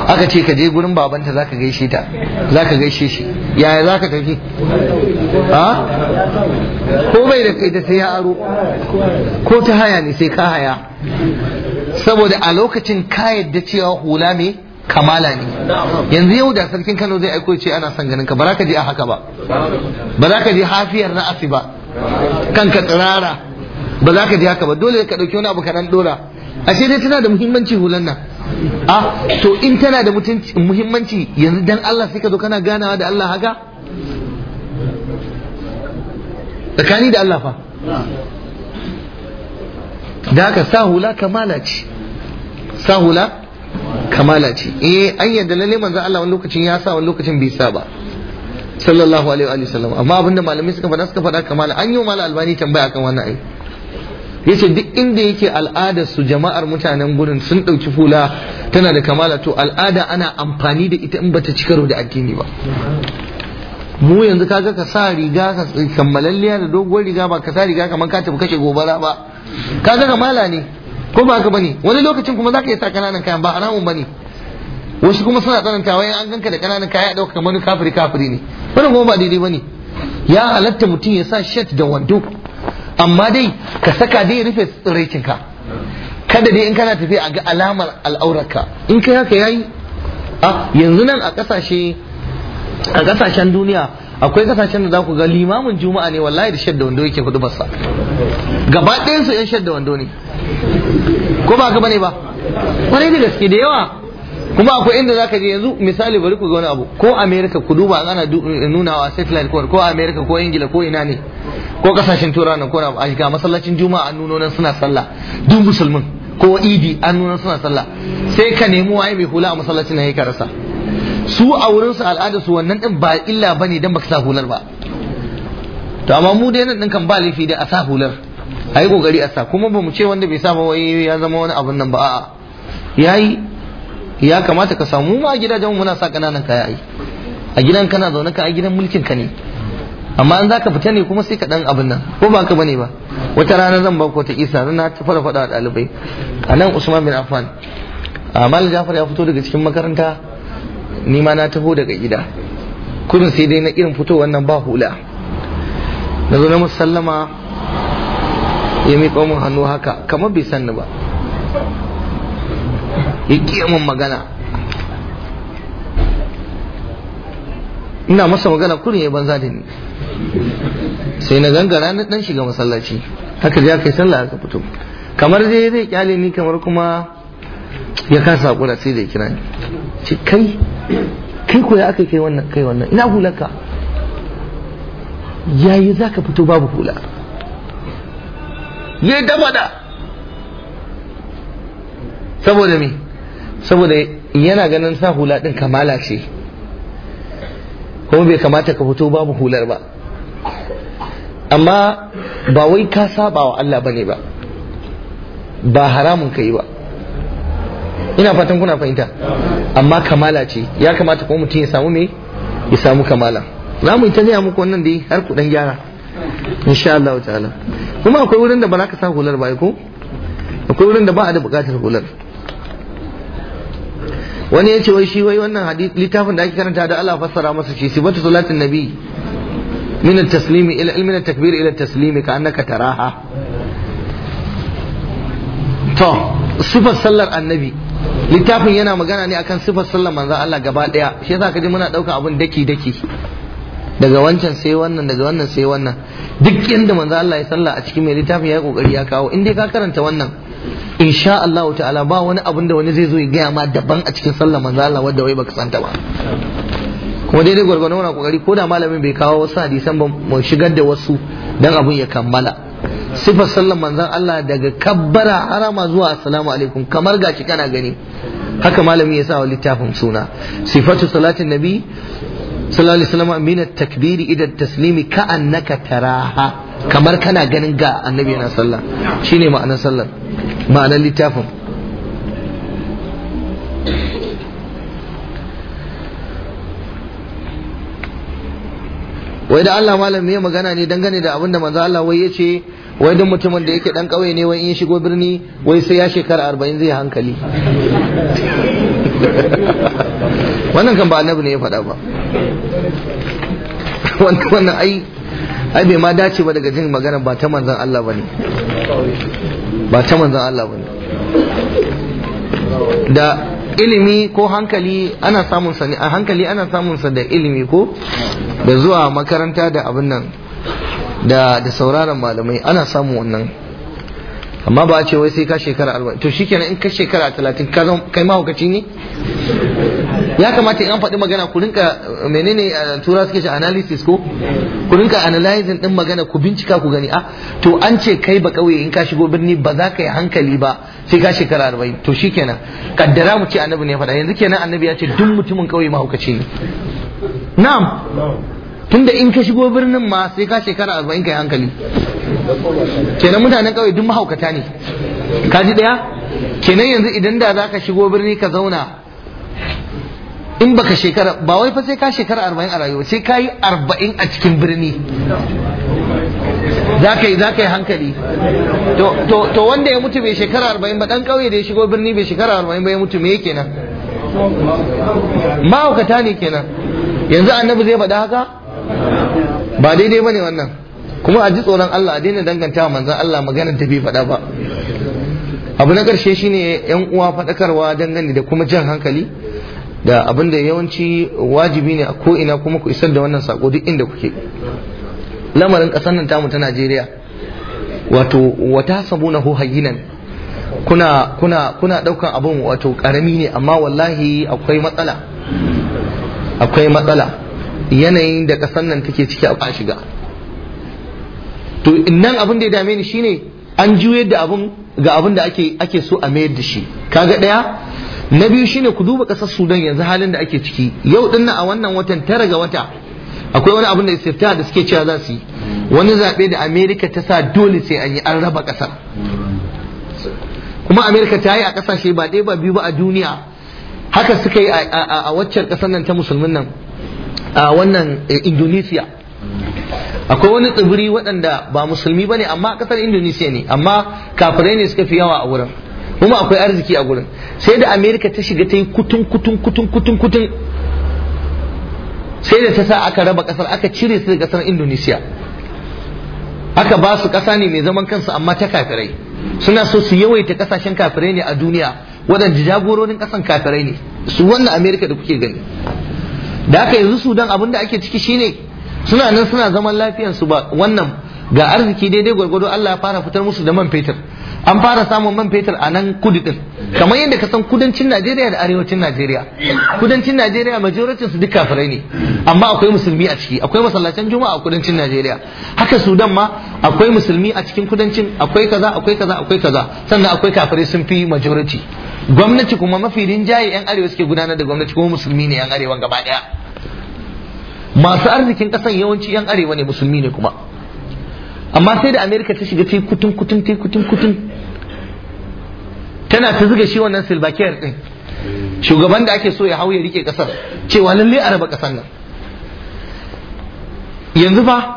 aka ce ka je gurin babanta za ka gaishe ta za ka gaishe shi yaya za ka tafi ha ko bai da kai da sai ya aro ko ta haya ne sai ka haya saboda a lokacin ka yadda cewa hula me kamala ne yanzu yau da sarkin Kano zai aiko ce ana son ganin ka ba za ka je a haka ba ba za ka je hafiyar na asi ba kanka tsirara ba za ka je haka ba dole ka dauki wani abu kaɗan dora ashe dai tana da muhimmanci hulan nan a ah, to in tana da muhimmanci yanzu dan Allah sai ka zo kana ganawa da Allah haka tsakani da Allah fa da haka sa hula kamala ce sa hula kamala ce eh an yadda lalle manzo Allah wani lokacin ya sa wani lokacin bai sa ba sallallahu alaihi wa sallam amma abinda malamai suka faɗa suka faɗa kamala an yi wa malam albani tambaya akan wannan ai yace duk inda yake al'ada su jama'ar mutanen gurin sun dauki fula tana da kamala to al'ada ana amfani da ita in bata ci karo da addini ba mu yanzu kaga ka sa riga ka kammalalliya da doguwar riga ba ka sa riga kamar ka tafi kashe gobara ba kaga kamala ne ko ba haka bane wani lokacin kuma zaka iya sa kananan kayan ba haramun bane wasu kuma suna tsanantawa in an ganka da kananan kaya a dauka wani kafiri kafiri ne wannan kuma ba daidai bane ya halatta mutum ya sa shirt da wando amma dai ka saka dai rufe ka kada dai in kana tafiya a ga alamar al'aurarka in kai haka yayi a ah, yanzu nan a kasashe a kasashen duniya akwai kasashen da za ku ga limamin juma'a ne wallahi da shadda wando yake hudu basa gaba ɗayan su yan shadda wando ne ko ba gaba ne ba wani da gaske da yawa kuma akwai inda zaka je yanzu misali bari ku ga wani abu ko america ku duba ana nunawa satellite ko ko america ko ingila ko ina ne ko kasashen turawa nan ko na a ga masallacin juma'a an nuno nan suna sallah duk musulmin ko idi an nuna suna sallah sai ka nemi waye mai hula a masallacin nan ya rasa su a wurin su al'ada su wannan din ba illa bane dan baka sa hular ba to amma mu dai nan din kan ba laifi da a sa hular ayi kokari a sa kuma bamu ce wanda bai sa ba wai ya zama wani abun nan ba a'a yayi ya kamata ka samu ma a gidajen muna sa kananan kaya ai a gidan kana zaune ka a gidan mulkin ka ne amma an zaka fita ne kuma sai ka dan abin nan ko ba ka bane ba wata rana zan ba ko ta isa na ta fara faɗawa ɗalibai anan usman bin affan amal jafar ya fito daga cikin makaranta ni ma na taho daga gida kudin sai dai na irin fito wannan ba hula na zo na musallama ya miƙo min hannu haka kamar bai sanni ba ya ƙiya min magana ina masa magana kudin ya banza da ni sai na gangara na dan shiga masallaci haka ya kai sallah aka fito kamar zai zai kyale ni kamar kuma ya kasa hakura sai da ya kira ni ce kai kai ko ya aka kai wannan kai wannan ina hulaka yayi zaka fito babu hula ya yi da saboda me saboda yana ganin sa hula din kamala ce kuma bai kamata ka fito babu hular ba amma ba wai ka saba wa Allah bane ba ba haramun ka yi ba ina fatan kuna fahimta amma kamala ce ya kamata kuma mutum ya samu me ya samu kamala za mu ita zai muku wannan dai har ku gyara insha Allah ta'ala kuma akwai wurin da ba za ka sa hular ba ko akwai wurin da ba a da bukatar hular wani ya ce wai shi wai wannan hadith littafin da ake karanta da Allah fassara masa shi sibatu salatin nabi min at-taslim ila min at-takbir ila at taslimi ka annaka taraha to sifar sallar annabi littafin yana magana ne akan sifar sallar manzon Allah gaba daya shi yasa ji muna dauka abun daki daki daga wancan sai wannan daga wannan sai wannan duk inda manzon Allah ya salla a cikin mai littafin ya kokari ya kawo in dai ka karanta wannan insha Allah ta'ala ba wani abun da wani zai zo ya gaya ma daban a cikin sallar manzon Allah wanda wai baka santa ba kuma daidai gwargwado muna kokari ko da malamin bai kawo wasu hadisan ba mu shigar da wasu dan abun ya kammala sifar sallan manzan Allah daga kabbara harama zuwa assalamu alaikum kamar gashi kana gani haka malami ya sa wa littafin suna sifatu salatin nabi sallallahu alaihi wasallam min at-takbir ila at ka ka'annaka taraha kamar kana ganin ga annabi yana sallah shine ma'anar sallar ma'anar littafin wai da Allah malam ya magana ne dangane da abinda manzo Allah wai yace wai duk mutumin da yake dan kauye ne wai in shigo birni wai sai ya shekara arba'in zai hankali wannan kan ba annabi ne ya faɗa ba wannan ai ai bai ma dace ba daga jin magana ba ta manzan Allah ba ne ba ta manzan Allah ba ne da ilimi ko hankali ana samun sa ne a hankali ana samun sa da ilimi ko da zuwa makaranta da abin nan da da sauraron malamai ana samun wannan amma ba a ce wai sai ka shekara arba'in to shikenan in ka shekara talatin ka zama kai hukaci ne ya kamata in an faɗi magana ku rinka menene eh, tura suke shi analysis ko ku rinka analyzing din magana ku bincika ku gani a ah, to an ce kai ba kauye in ka shigo birni ba za ka yi hankali ba sai ka shekara arba'in to shikenan kaddara mu ce annabi ne ya faɗa yanzu kenan annabi ya ce duk mutumin kauye hukaci ne na'am tunda in ka shigo birnin ma sai ka shekara arba'in yi hankali kenan mutanen ƙauye duk mahaukata ne ka ji ɗaya kenan yanzu idan da za ka shigo birni ka zauna in baka shekara ba wai fa sai ka shekara arba'in a rayuwa sai ka yi arba'in a cikin birni za ka yi za ka yi hankali to wanda ya mutu bai shekara arba'in ba ɗan ƙauye da ya shigo birni bai shekara arba'in ba ya mutu me kenan mahaukata ne kenan yanzu annabi zai faɗa haka ba daidai ba ne wannan kuma a ji tsoron Allah a daina danganta manzan Allah maganar ta bai faɗa ba abu na ƙarshe ne yan uwa faɗakarwa dangane da kuma jan hankali da abin da yawanci wajibi ne a ko'ina kuma ku isar da wannan sako duk inda kuke lamarin ƙasar nan tamu ta najeriya wato wata sabu na kuna kuna kuna ɗaukan abin wato ƙarami ne amma wallahi akwai matsala yanayin da kasan nan take ciki a shiga to nan abin da ya dame ni shine an juye da abin ga abin da ake ake so a mayar da shi kaga daya na biyu shine ku duba kasar Sudan yanzu halin da ake ciki yau din a wannan watan tara ga wata akwai wani abin da istifta da suke cewa za su yi wani zaɓe da Amerika ta sa dole sai an yi an raba kasar kuma Amerika ta yi a kasashe ba ɗaya ba biyu ba a duniya haka suka yi a waccan kasar nan ta musulmin nan a wannan eh, indonesia akwai wani tsibiri waɗanda ba musulmi ba ne amma ƙasar indonesia ne amma kafirai ne suka fi yawa a wurin kuma akwai arziki a wurin sai da amerika ta shiga ta yi kutun kutun kutun kutun kutun sai da ta sa aka raba ƙasar aka cire su da ƙasar indonesia aka ba su ƙasa ne mai zaman kansu amma ta kafirai suna so su yawaita ƙasashen kafirai ne a duniya waɗanda jagororin ƙasan kafirai ne su wannan amerika da kuke gani da aka yanzu sudan abin da ake ciki shine suna nan suna zaman lafiyansu ba wannan ga arziki daidai gwargwado Allah ya fara fitar musu da man fetur an fara samun man fetur a nan kudu din kamar yadda ka san kudancin Najeriya da arewacin Najeriya kudancin Najeriya majoritin su duk kafirai ne amma akwai musulmi a ciki akwai masallacin juma'a a kudancin Najeriya haka Sudan ma akwai musulmi a cikin kudancin akwai kaza akwai kaza akwai kaza sannan akwai kafirai sun fi majority gwamnati kuma mafi rinjaye yan arewa suke gudanar da gwamnati kuma musulmi ne yan arewa gaba daya masu arzikin kasan yawanci yan arewa ne musulmi ne kuma amma sai da amerika ta shiga ta kutun kutun ta kutun kutun tana ta zuga shi wannan silbakiyar din shugaban da ake so ya hau ya rike kasar cewa lallai a raba kasar nan yanzu fa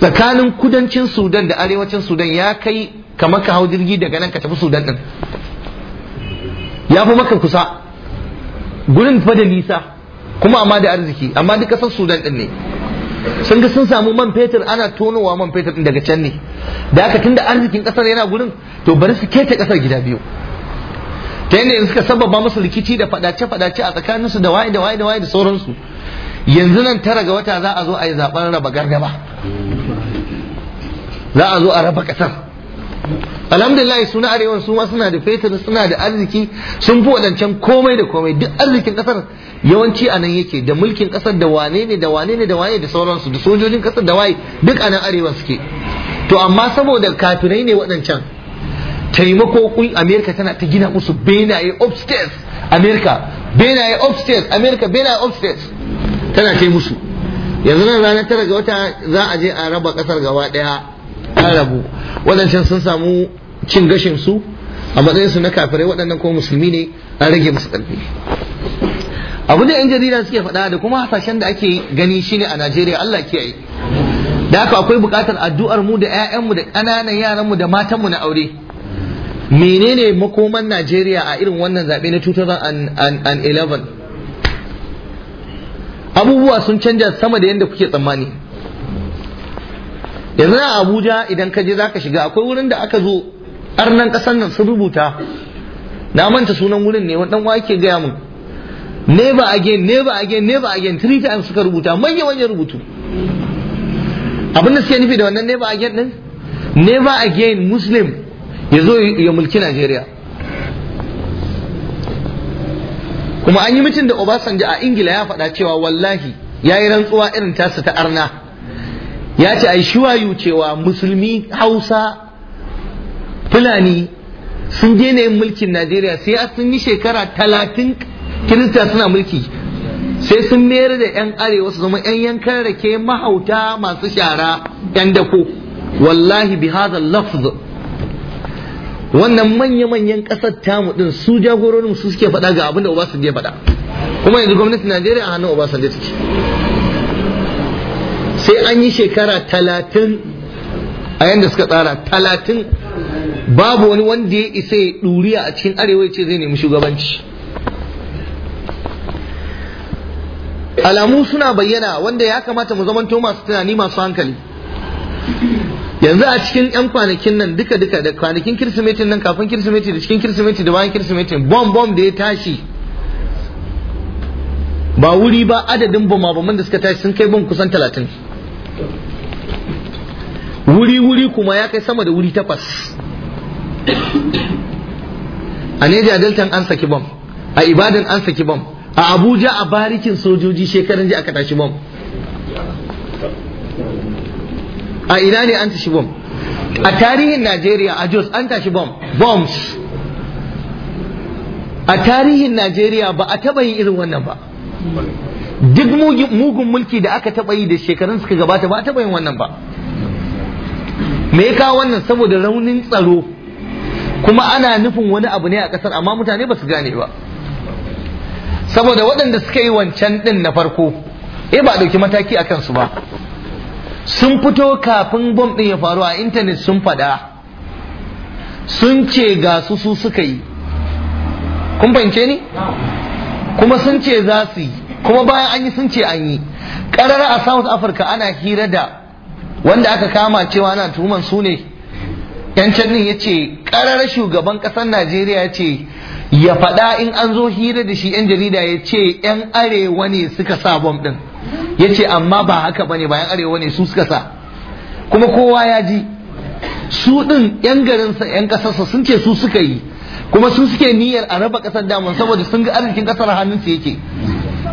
tsakanin kudancin sudan da arewacin sudan ya kai kamar ka hau jirgi daga nan ka tafi sudan din ya fi maka kusa gurin fa da nisa kuma amma da arziki amma duk kasar sudan ɗin ne sun ga sun samu man fetur ana tonowa man fetur din daga can ne da aka tunda arzikin kasar yana gurin to bari su keta kasar gida biyu ta yadda yanzu suka sababa masu rikici da fadace fadace a tsakaninsu da waye da waye da waye da sauransu yanzu nan tara ga wata za a zo a yi zaben raba gargaba. za a zo a raba kasar alhamdulillah suna arewan su ma suna da fetur suna da arziki sun fi wadancan komai da komai duk arzikin kasar yawanci a nan yake da mulkin kasar da wane ne da wane ne da wane da sauransu da sojojin kasar da waye duk a nan arewan suke to amma saboda kafirai ne wadancan taimako kun amerika tana ta gina musu benaye upstairs amerika benaye upstairs amerika benaye upstairs tana kai musu yanzu nan ranar tara ga wata za a je a raba kasar gaba daya. an rabu waɗancan sun samu cin gashin su a matsayinsu na kafirai waɗannan kuma musulmi ne an rage musu ƙarfi abu da 'yan jarida suke faɗa da kuma hasashen da ake gani shine a najeriya allah kiyaye da haka akwai buƙatar addu'ar mu da 'ya'yanmu da ƙananan yaranmu da matanmu na aure menene makoman najeriya a irin wannan zaɓe na 2011 abubuwa sun canja sama da yadda kuke tsammani yanzu a abuja idan ka je zaka shiga akwai wurin da aka zo arnan kasan nan sun rubuta na manta sunan wurin ne wani wa ke gaya mun never again never again never again three times suka rubuta manya manyan rubutu abin da suke nufi da wannan never again din never again muslim ya zo ya mulki Najeriya kuma an yi mutum da Obasanjo a Ingila ya faɗa cewa wallahi ya yi rantsuwa irin tasu ta arna ya ce ai shuwayu cewa musulmi hausa fulani sun na yin mulkin najeriya sai sun yi shekara talatin kirista suna mulki sai sun mayar da 'yan arewa su zama 'yan da ke mahauta masu shara 'yan dako wallahi bi haza lafz wannan manya-manyan ƙasar tamu din su jagororin su suke faɗa ga abin da su ya faɗa kuma yanzu gwamnatin Najeriya a hannun je take sai an yi shekara talatin a yadda suka tsara talatin babu wani wanda ya isa ya ɗuriya a cikin arewa ce zai nemi shugabanci alamu suna bayyana wanda ya kamata mu zamanto masu tunani masu hankali yanzu a cikin 'yan kwanakin nan duka duka da kwanakin kirsimetin nan kafin kirsimeti da cikin kirsimeti da bayan kirsimetin bom bom da ya tashi ba wuri ba adadin bama da suka tashi sun kai bom kusan talatin wuri wuri kuma ya kai sama da wuri takwas a neja deltan an saki bom. a ibadan an saki bom. a abuja a barikin sojoji shekaran ji aka tashi bom. a ina ne an tashi bom? a tarihin najeriya a jos an tashi bom, bombs a tarihin najeriya ba a taba yin irin wannan ba duk mugun mulki da aka taɓa yi da shekarun suka gabata ba a taɓa yin wannan ba me kawo wannan saboda raunin tsaro kuma ana nufin wani abu ne a ƙasar amma mutane ba su gane ba saboda waɗanda suka yi wancan ɗin na farko eh ba ɗauki mataki a kansu ba sun fito kafin bom ɗin ya faru a intanet sun faɗa sun ce ga su su suka yi kun fahimce ni kuma sun ce za su yi kuma bayan an yi sun ce an yi karara a south africa ana hira da wanda aka kama cewa ana tuhuman su ne yan cannin ya ce karara shugaban kasar najeriya ce ya faɗa in an zo hira da shi yan jarida ya ce yan arewa ne suka sa bom ɗin ya ce amma ba haka bane ba arewa ne su suka sa kuma kowa ya ji su ɗin yan garinsa yan ƙasarsa sun ce su suka yi kuma su suke niyyar a raba ƙasar damar saboda sun ga arzikin ƙasar su yake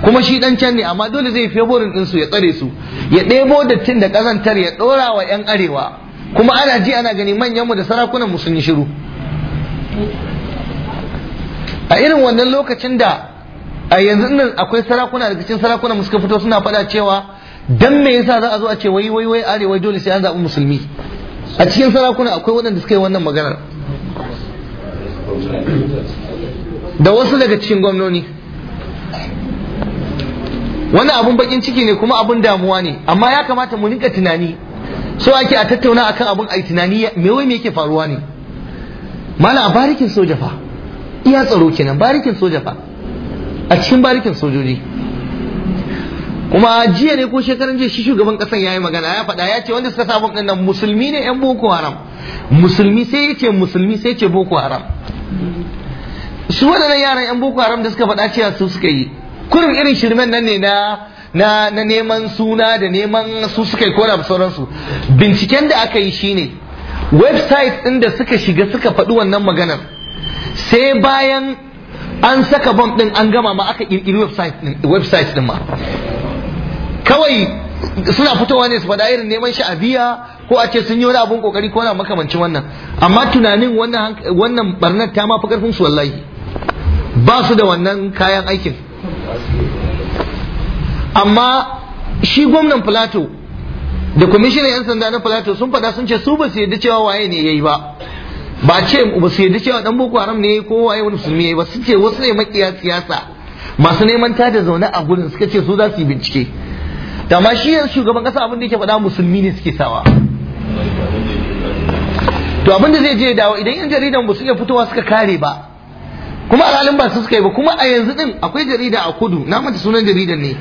kuma shi dan can ne amma dole zai favorin din su ya tsare su ya ɗebo dattin da kazantar ya ɗora wa yan arewa kuma ana ji ana gani manyanmu da sarakunan mu sun yi shiru a irin wannan lokacin da a yanzu nan akwai sarakuna daga cikin sarakunan mu suka fito suna faɗa cewa dan me yasa za a zo a ce wai wai wai arewa dole sai an zaɓi musulmi a cikin sarakuna akwai waɗanda suka yi wannan maganar da wasu daga cikin gwamnoni wani abun bakin ciki ne kuma abun damuwa ne amma ya kamata mu rinka tunani so ake a tattauna akan abun ai tunani me wai me yake faruwa ne mala a barikin soja fa iya tsaro kenan barikin soja fa a cikin barikin sojoji kuma jiya ne ko shekaran jiya shi shugaban kasan yayi magana ya faɗa ya ce wanda suka sabon ɗin nan musulmi ne yan boko haram musulmi sai ya ce musulmi sai ya ce boko haram su waɗannan yaran yan boko haram da suka faɗa cewa su suka yi kurin irin shirmen nan ne na na na neman suna da neman su suka yi kora sauransu binciken da aka yi shine website ɗin da suka shiga suka faɗi wannan maganar sai bayan an saka bomb ɗin an gama ma aka ƙirƙiri website ɗin ma kawai suna fitowa ne su faɗa irin neman sha'abiya ko a ce sun yi wani abun kokari ko na makamancin wannan amma tunanin wannan wannan barnar ta mafi karfin su wallahi ba su da wannan kayan aikin amma shi gwamnan plato da kwamishinan 'yan sanda na plato sun fada sun ce su ba su yadda cewa waye ne ya yi ba ba ce ba su yadda cewa dan boko haram ne ko waye wani musulmi ya yi ba su ce wasu ne makiya siyasa masu neman ta da zaune a gurin suka ce su za su yi bincike da ma shi yanzu shugaban kasa abin da yake faɗa musulmi ne suke sawa to abin da zai je dawo idan yan jaridan ba suke fitowa suka kare ba kuma alhalin ba su suka yi ba kuma a yanzu din akwai jarida a kudu na mata sunan jaridan ne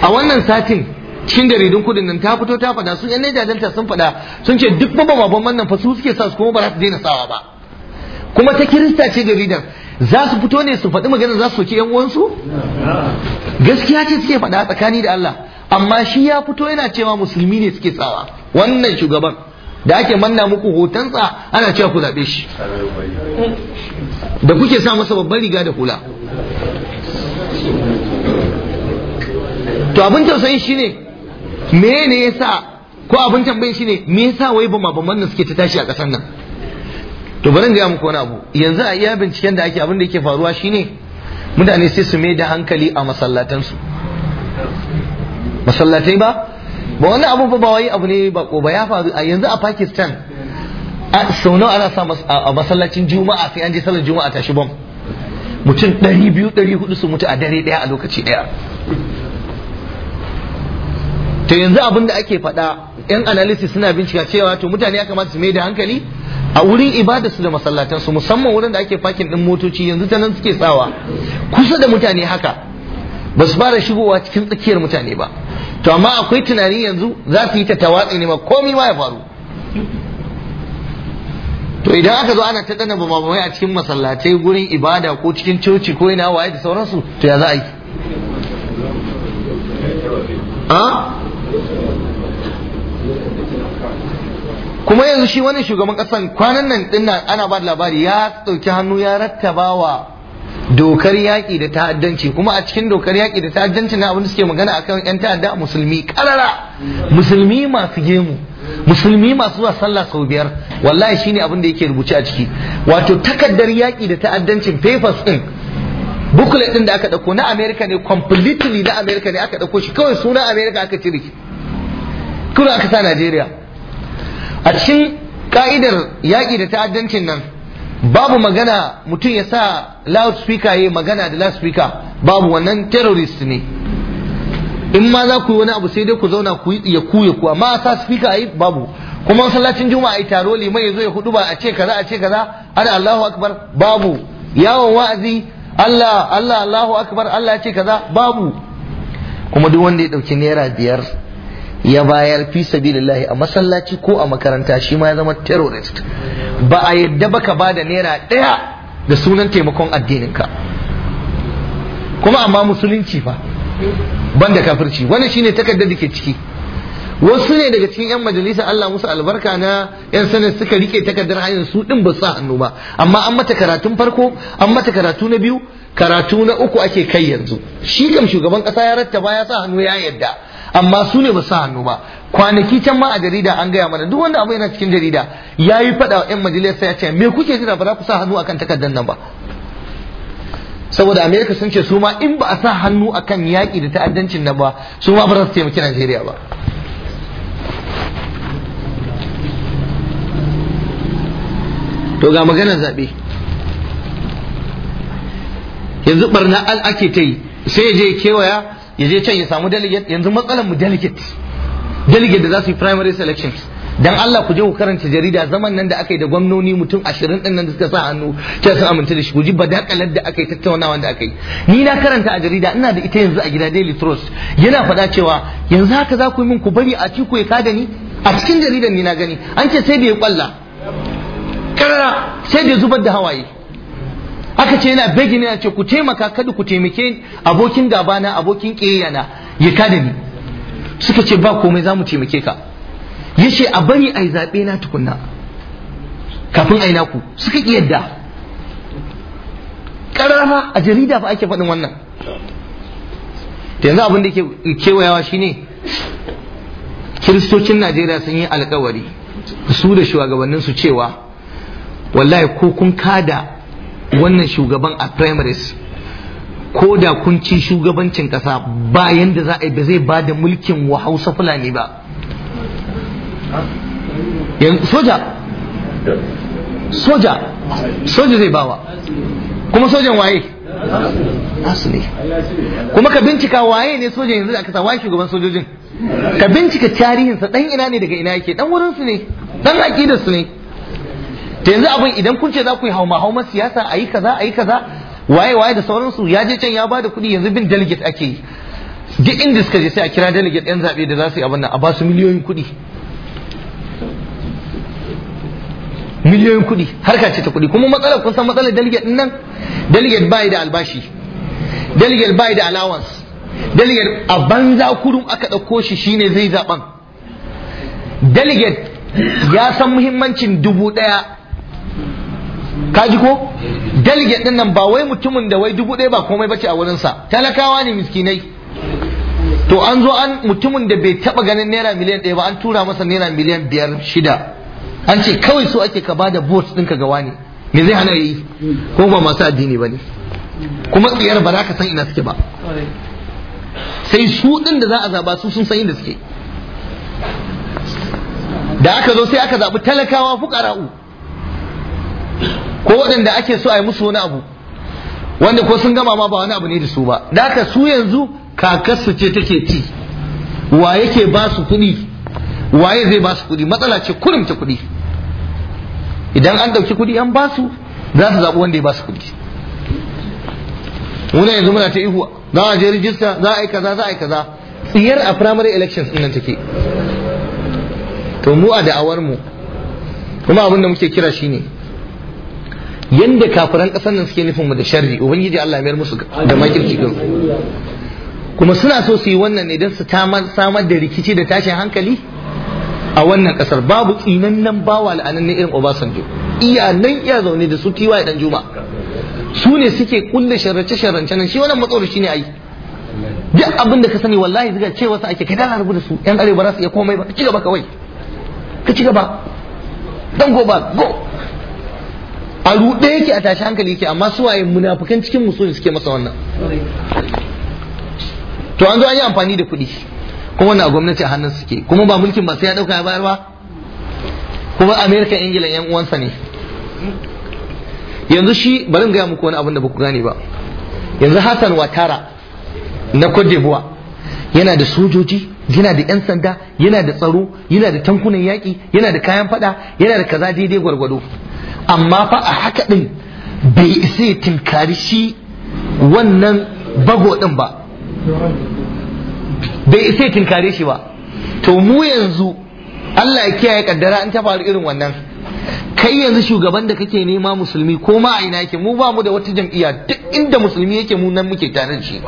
a wannan satin cikin jaridun kudin nan ta fito ta fada sun yan Niger Delta sun fada sun ce duk babban wannan fa su suke sa su kuma ba za su daina sawa ba kuma ta kirista ce jaridan za su fito ne su faɗi magana za su soki yan uwansu gaskiya ce suke fada tsakani da Allah amma shi ya fito yana cewa musulmi ne suke sawa wannan shugaban da ake manna muku hotonsa ana cewa ku zaɓe shi da kuke sa masa babban riga da hula to abin tausayin shine me ne yasa ko abin tambayin shine me yasa wai ba mabamban nan suke ta tashi a ƙasar nan to bari ga muku wani abu yanzu a iya binciken da ake abin da yake faruwa shine mutane sai su mai da hankali a masallatansu masallatai ba ba wani abu ba wai abu ne ba ko ba ya faru a yanzu a Pakistan sau nawa ana sa a masallacin juma'a sai an je sallar juma'a tashi bom mutum 200-400 su mutu a dare daya a lokaci daya Ta yanzu abin da ake faɗa yan analysis suna bincika cewa to mutane ya kamata su mai da hankali a wurin ibada su da masallatan su musamman wurin da ake fakin din motoci yanzu ta nan suke tsawa kusa da mutane haka ba su fara shigowa cikin tsakiyar mutane ba to amma akwai tunani yanzu za su yi ta tawatsi ne ma komi ma ya faru to idan aka zo ana ta dana bamamai a cikin masallatai gurin ibada ko cikin coci ko ina waye da sauransu to ya za a yi kuma yanzu shi wani shugaban kasan kwanan nan din ana ba da labari ya dauki hannu ya rattaba wa dokar yaƙi da ta'addanci kuma a cikin dokar yaƙi da ta'addanci na abinda suke magana akan yan ta'adda musulmi karara musulmi masu gemu musulmi masu zuwa sallah sau biyar wallahi shine abin da yake rubuce a ciki wato takaddar yaƙi da ta'addancin papers din booklet din da aka dauko na America ne completely na America ne aka dauko shi kawai suna America aka cire kuma aka sa Najeriya a cikin ka'idar yaƙi da ta'addancin nan babu magana mutum ya sa loudspeaker ya magana da loudspeaker babu wannan terrorist ne in ma za ku yi wani abu sai dai ku zauna ku yi ya ku ya ku amma sa speaker yi babu kuma masallacin juma'a ai taro liman ya zo ya hudu ba a ce kaza a ce kaza ana Allahu akbar babu yawon wa'azi Allah Allahu akbar Allah ya ce kaza babu kuma duk wanda ya dauki naira biyar ya bayar fi sabilillahi a masallaci ko a makaranta shi ma ya zama terrorist ba a yadda baka ba da naira daya da sunan taimakon addininka kuma amma musulunci fa banda kafirci wannan shine takardar da ke ciki wasu ne daga cikin 'yan majalisa Allah musu albarka na 'yan sanar suka rike takardar hanyar su din ba sa hannu ba amma an mata karatun farko an mata karatu na biyu karatu na uku ake kai yanzu shi kam shugaban kasa ya rattaba ya sa hannu ya yadda amma su ne ba sa hannu ba kwanaki can ma a jarida an gaya mana duk wanda abu yana cikin jarida ya yi faɗa wa 'yan majalisa ya ce me kuke jira ba za ku sa hannu akan takardar nan ba saboda amerika sun ce su ma in ba a sa hannu akan yaƙi da ta'addancin nan ba su ma ba za su taimaki najeriya ba to ga maganar zaɓe yanzu barna ake ta yi sai je kewaya ya je can ya samu delegate yanzu matsalar mu delegate delegate da za su yi primary selections dan Allah ku je ku karanta jarida zaman nan da aka yi da gwamnoni mutum 20 din nan da suka sa hannu ce sun amince da shi ba da badakalar da aka yi tattaunawa da aka yi ni na karanta a jarida ina da ita yanzu a gida Daily Trust yana faɗa cewa yanzu haka za ku yi min ku bari a ciku ya kada ni a cikin jaridan ni na gani an ce sai da ya kwalla karara sai da ya zubar da hawaye aka ce yana begi ne ce ku taimaka kada ku taimake abokin na abokin ƙeyana ya kada ni suka ce ba komai za mu taimake ka ya ce a bari a yi zaɓe na tukunna kafin a yi naku suka ƙi yadda ƙararrafa a jarida ba ake faɗin wannan yanzu abin da ke kewayawa shine kiristocin najeriya sun yi alkawari su da shugabanninsu cewa wallahi ko kun kada wannan shugaban a primaries ko da kun ci shugabancin kasa bayan da za a yi ba zai ba da mulkin wa hausa fulani ba soja soja soja zai bawa kuma sojan waye nasu ne kuma ka bincika waye ne sojan yanzu da aka sa waye shugaban sojojin ka bincika tarihinsa dan ina ne daga ina yake dan wurinsu ne dan aƙidarsu ne yanzu abin idan kun ce za ku yi hauma hauman siyasa a yi kaza a yi kaza waye waye da sauransu ya je can ya ba da kuɗi yanzu bin delegate ake yi duk inda suka je sai a kira delegate yan zaɓe da za su yi abin nan a ba su miliyoyin kuɗi miliyoyin kuɗi harka ce ta kuɗi kuma matsalar kun san matsalar delegate nan delegate bai da albashi delegate bai da allowance delegate a banza kurum aka ɗauko shi shine zai zaɓan delegate ya san muhimmancin dubu ɗaya kaji ko delegate din nan ba wai mutumin da wai dubu ɗaya ba komai bace a sa talakawa ne miskinai to an zo an mutumin da bai taba ganin naira miliyan ɗaya ba an tura masa naira miliyan biyar shida an ce kawai so ake ka bada vote ka ga wani me zai hana yi ko ba masu addini ba ne kuma tsiyar ba za ka san ina suke ba sai su ɗin da za a zaba su sun san inda suke da aka zo sai aka zaɓi talakawa fukara'u ko waɗanda ake so a yi musu wani abu wanda ko sun gama ma ba wani abu ne da su ba da su yanzu kakarsu ce take ci wa yake ba su kuɗi waye zai ba su kuɗi matsala ce kurum ta kuɗi idan an ɗauki kuɗi an ba su za su zaɓi wanda ya ba su kuɗi muna yanzu muna ta ihu za a je rijista za a yi kaza za a yi kaza tsiyar a primary elections ɗin nan take to mu a da'awar mu kuma abin da muke kira shine yanda kafiran kasar nan suke nufin mu da sharri ubangiji Allah ya mayar musu da makirci din kuma suna so su yi wannan ne su samar da rikici da tashin hankali a wannan kasar babu tsinannen bawa la'anan irin Obasanjo iya nan iya zaune da su tiwa dan juma su ne suke kulle sharrace sharrance nan shi wannan matsoro shine ai duk abin da ka sani wallahi zuga ce wasu ake kada na da su yan arewa ba za su iya komai ba ka ci gaba kawai ka ci gaba dan go ba go a ruɗe yake a tashi hankali yake amma su waye munafukan cikin musulmi suke masa wannan to an zo an yi amfani da kuɗi kuma wannan a gwamnati a hannun suke kuma ba mulkin ba sai ya ɗauka ya bayar ba kuma amerika ingila yan uwansa ne yanzu shi bari gaya muku wani abin da baku gane ba yanzu hassan watara na cote yana da sojoji yana da 'yan sanda yana da tsaro yana da tankunan yaƙi yana da kayan fada yana da kaza daidai gwargwado amma fa a haka ɗin bai isa ya tinkari shi wannan bago ɗin ba bai isa ya tinkare shi ba to mu yanzu Allah ya kiyaye kaddara an ta faru irin wannan kai yanzu shugaban da kake nema musulmi ko ma ina yake mu ba mu da wata jam'iyya duk inda musulmi yake mu nan muke tare shi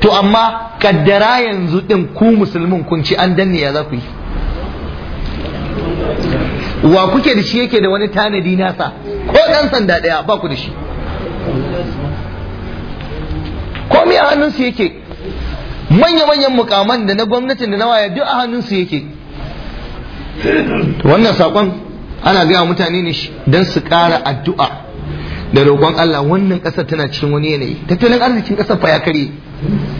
to amma kaddara yanzu din ku musulmin kun ci an danne ya za yi wa kuke da shi yake da wani tanadi nasa ko dan sanda daya ba ku da shi Ko mi a su yake manya-manyan mukaman da na gwamnatin da na waya duk a su yake wannan saƙon ana gaya mutane ne don su ƙara addu'a da roƙon Allah wannan ƙasar tana cikin wani yanayi tattalin arzikin ƙasar fa ya kare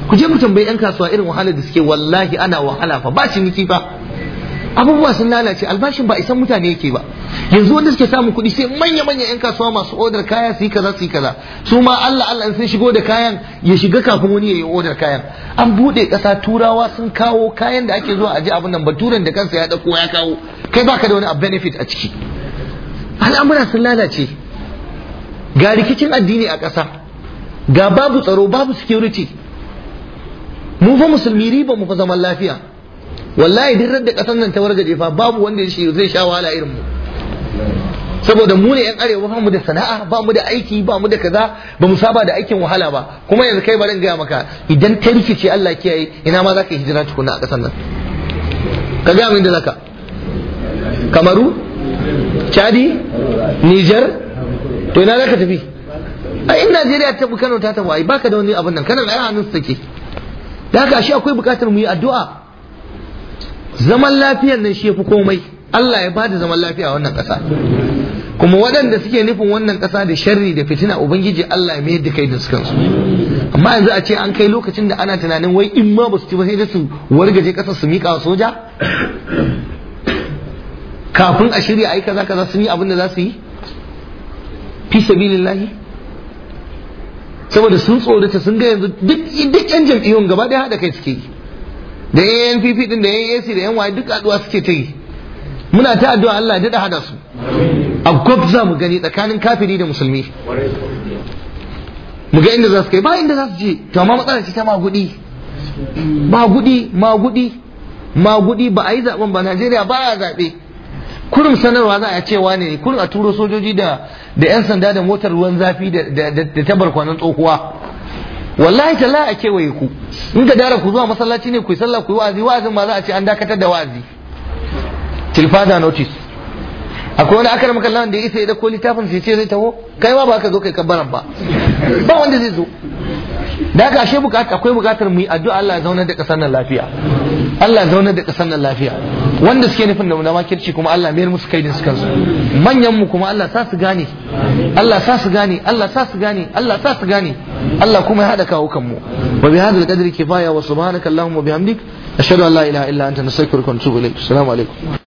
ku je mu tambayi 'yan kasuwa irin wahalar da suke wallahi ana wahala fa ba shi ciniki fa abubuwa sun lalace albashin ba isan mutane yake ba yanzu wanda suke samun kuɗi sai manya manya yan kasuwa masu odar kaya su yi kaza su yi kaza su ma Allah Allah sun shigo da kayan ya shiga kafin wani ya yi odar kayan an buɗe ƙasa turawa sun kawo kayan da ake zuwa a abun abin nan turan da kansa ya ɗauko ya kawo kai baka da wani benefit a ciki al'amura sun lalace ga rikicin addini a ƙasa ga babu tsaro babu security mu fa musulmi riba mu fa zaman lafiya wallahi duk da ƙasar nan ta wargaje fa babu wanda shi zai sha wahala irin mu saboda mu ne yan arewa ba mu da sana'a ba mu da aiki ba mu da kaza ba mu saba da aikin wahala ba kuma yanzu kai barin gaya maka idan ta rikice Allah kiyaye ina ma zaka hijira tukuna a ƙasar nan ka ga min da zaka kamaru chadi niger to ina zaka tafi a in Najeriya ta bukano Kano ta tafi ai baka da wani abin nan kana ai hannun su take da haka shi akwai bukatar mu yi addu'a zaman lafiyar nan shi fi komai Allah ya bada zaman lafiya a wannan ƙasa kuma waɗanda suke nufin wannan ƙasa da sharri da fitina ubangiji Allah ya mayar da kai da su amma yanzu a ce an kai lokacin da ana tunanin wai in ma ba su ci ba sai da su wargaje ƙasar su miƙa soja kafin a shirya a yi kaza kaza sun yi abin da za su yi fi sabilillahi saboda sun tsorata sun ga yanzu duk yan jam'iyyun gaba ɗaya haɗa kai suke yi da yan npp din da yan ac da yan waye duk addu'a suke ta yi muna ta addu'a Allah ya hada su abkof za mu gani tsakanin kafiri da musulmi mu ga inda za su kai ba inda za su je to amma matsalar ce ta magudi magudi magudi magudi ba a yi zaben ba Najeriya ba ya zaɓe kurum sanarwa za a ce wane ne kurum a turo sojoji da da yan sanda da motar ruwan zafi da da ta barkwanan tsohuwa wallahi talla a kewaye ku in ka dara ku zuwa masallaci ne ku yi sallah ku yi wa'azi wa'azin ma za a ce an dakatar da wa'azi tilfada notice akwai wani akara makallan da ya isa ya dauko littafin sai ce zai taho kai ma ba ka zo kai kabbaran ba ba wanda zai zo da ka ashe bukata akwai bukatar mu yi addu'a Allah ya zauna da kasar nan lafiya Allah zaunar da ƙasar nan lafiya wanda suke nufin da na makirci kuma Allah mayar musu kai da su kansu manyan mu kuma Allah sa su gane Allah sa su gane Allah sa su gane Allah sa su gane Allah kuma ya hada kawo kan mu wa bi hadal qadri kifaya wa subhanaka allahumma bihamdik ashhadu an la ilaha illa anta nastaghfiruka wa natubu ilaik assalamu alaikum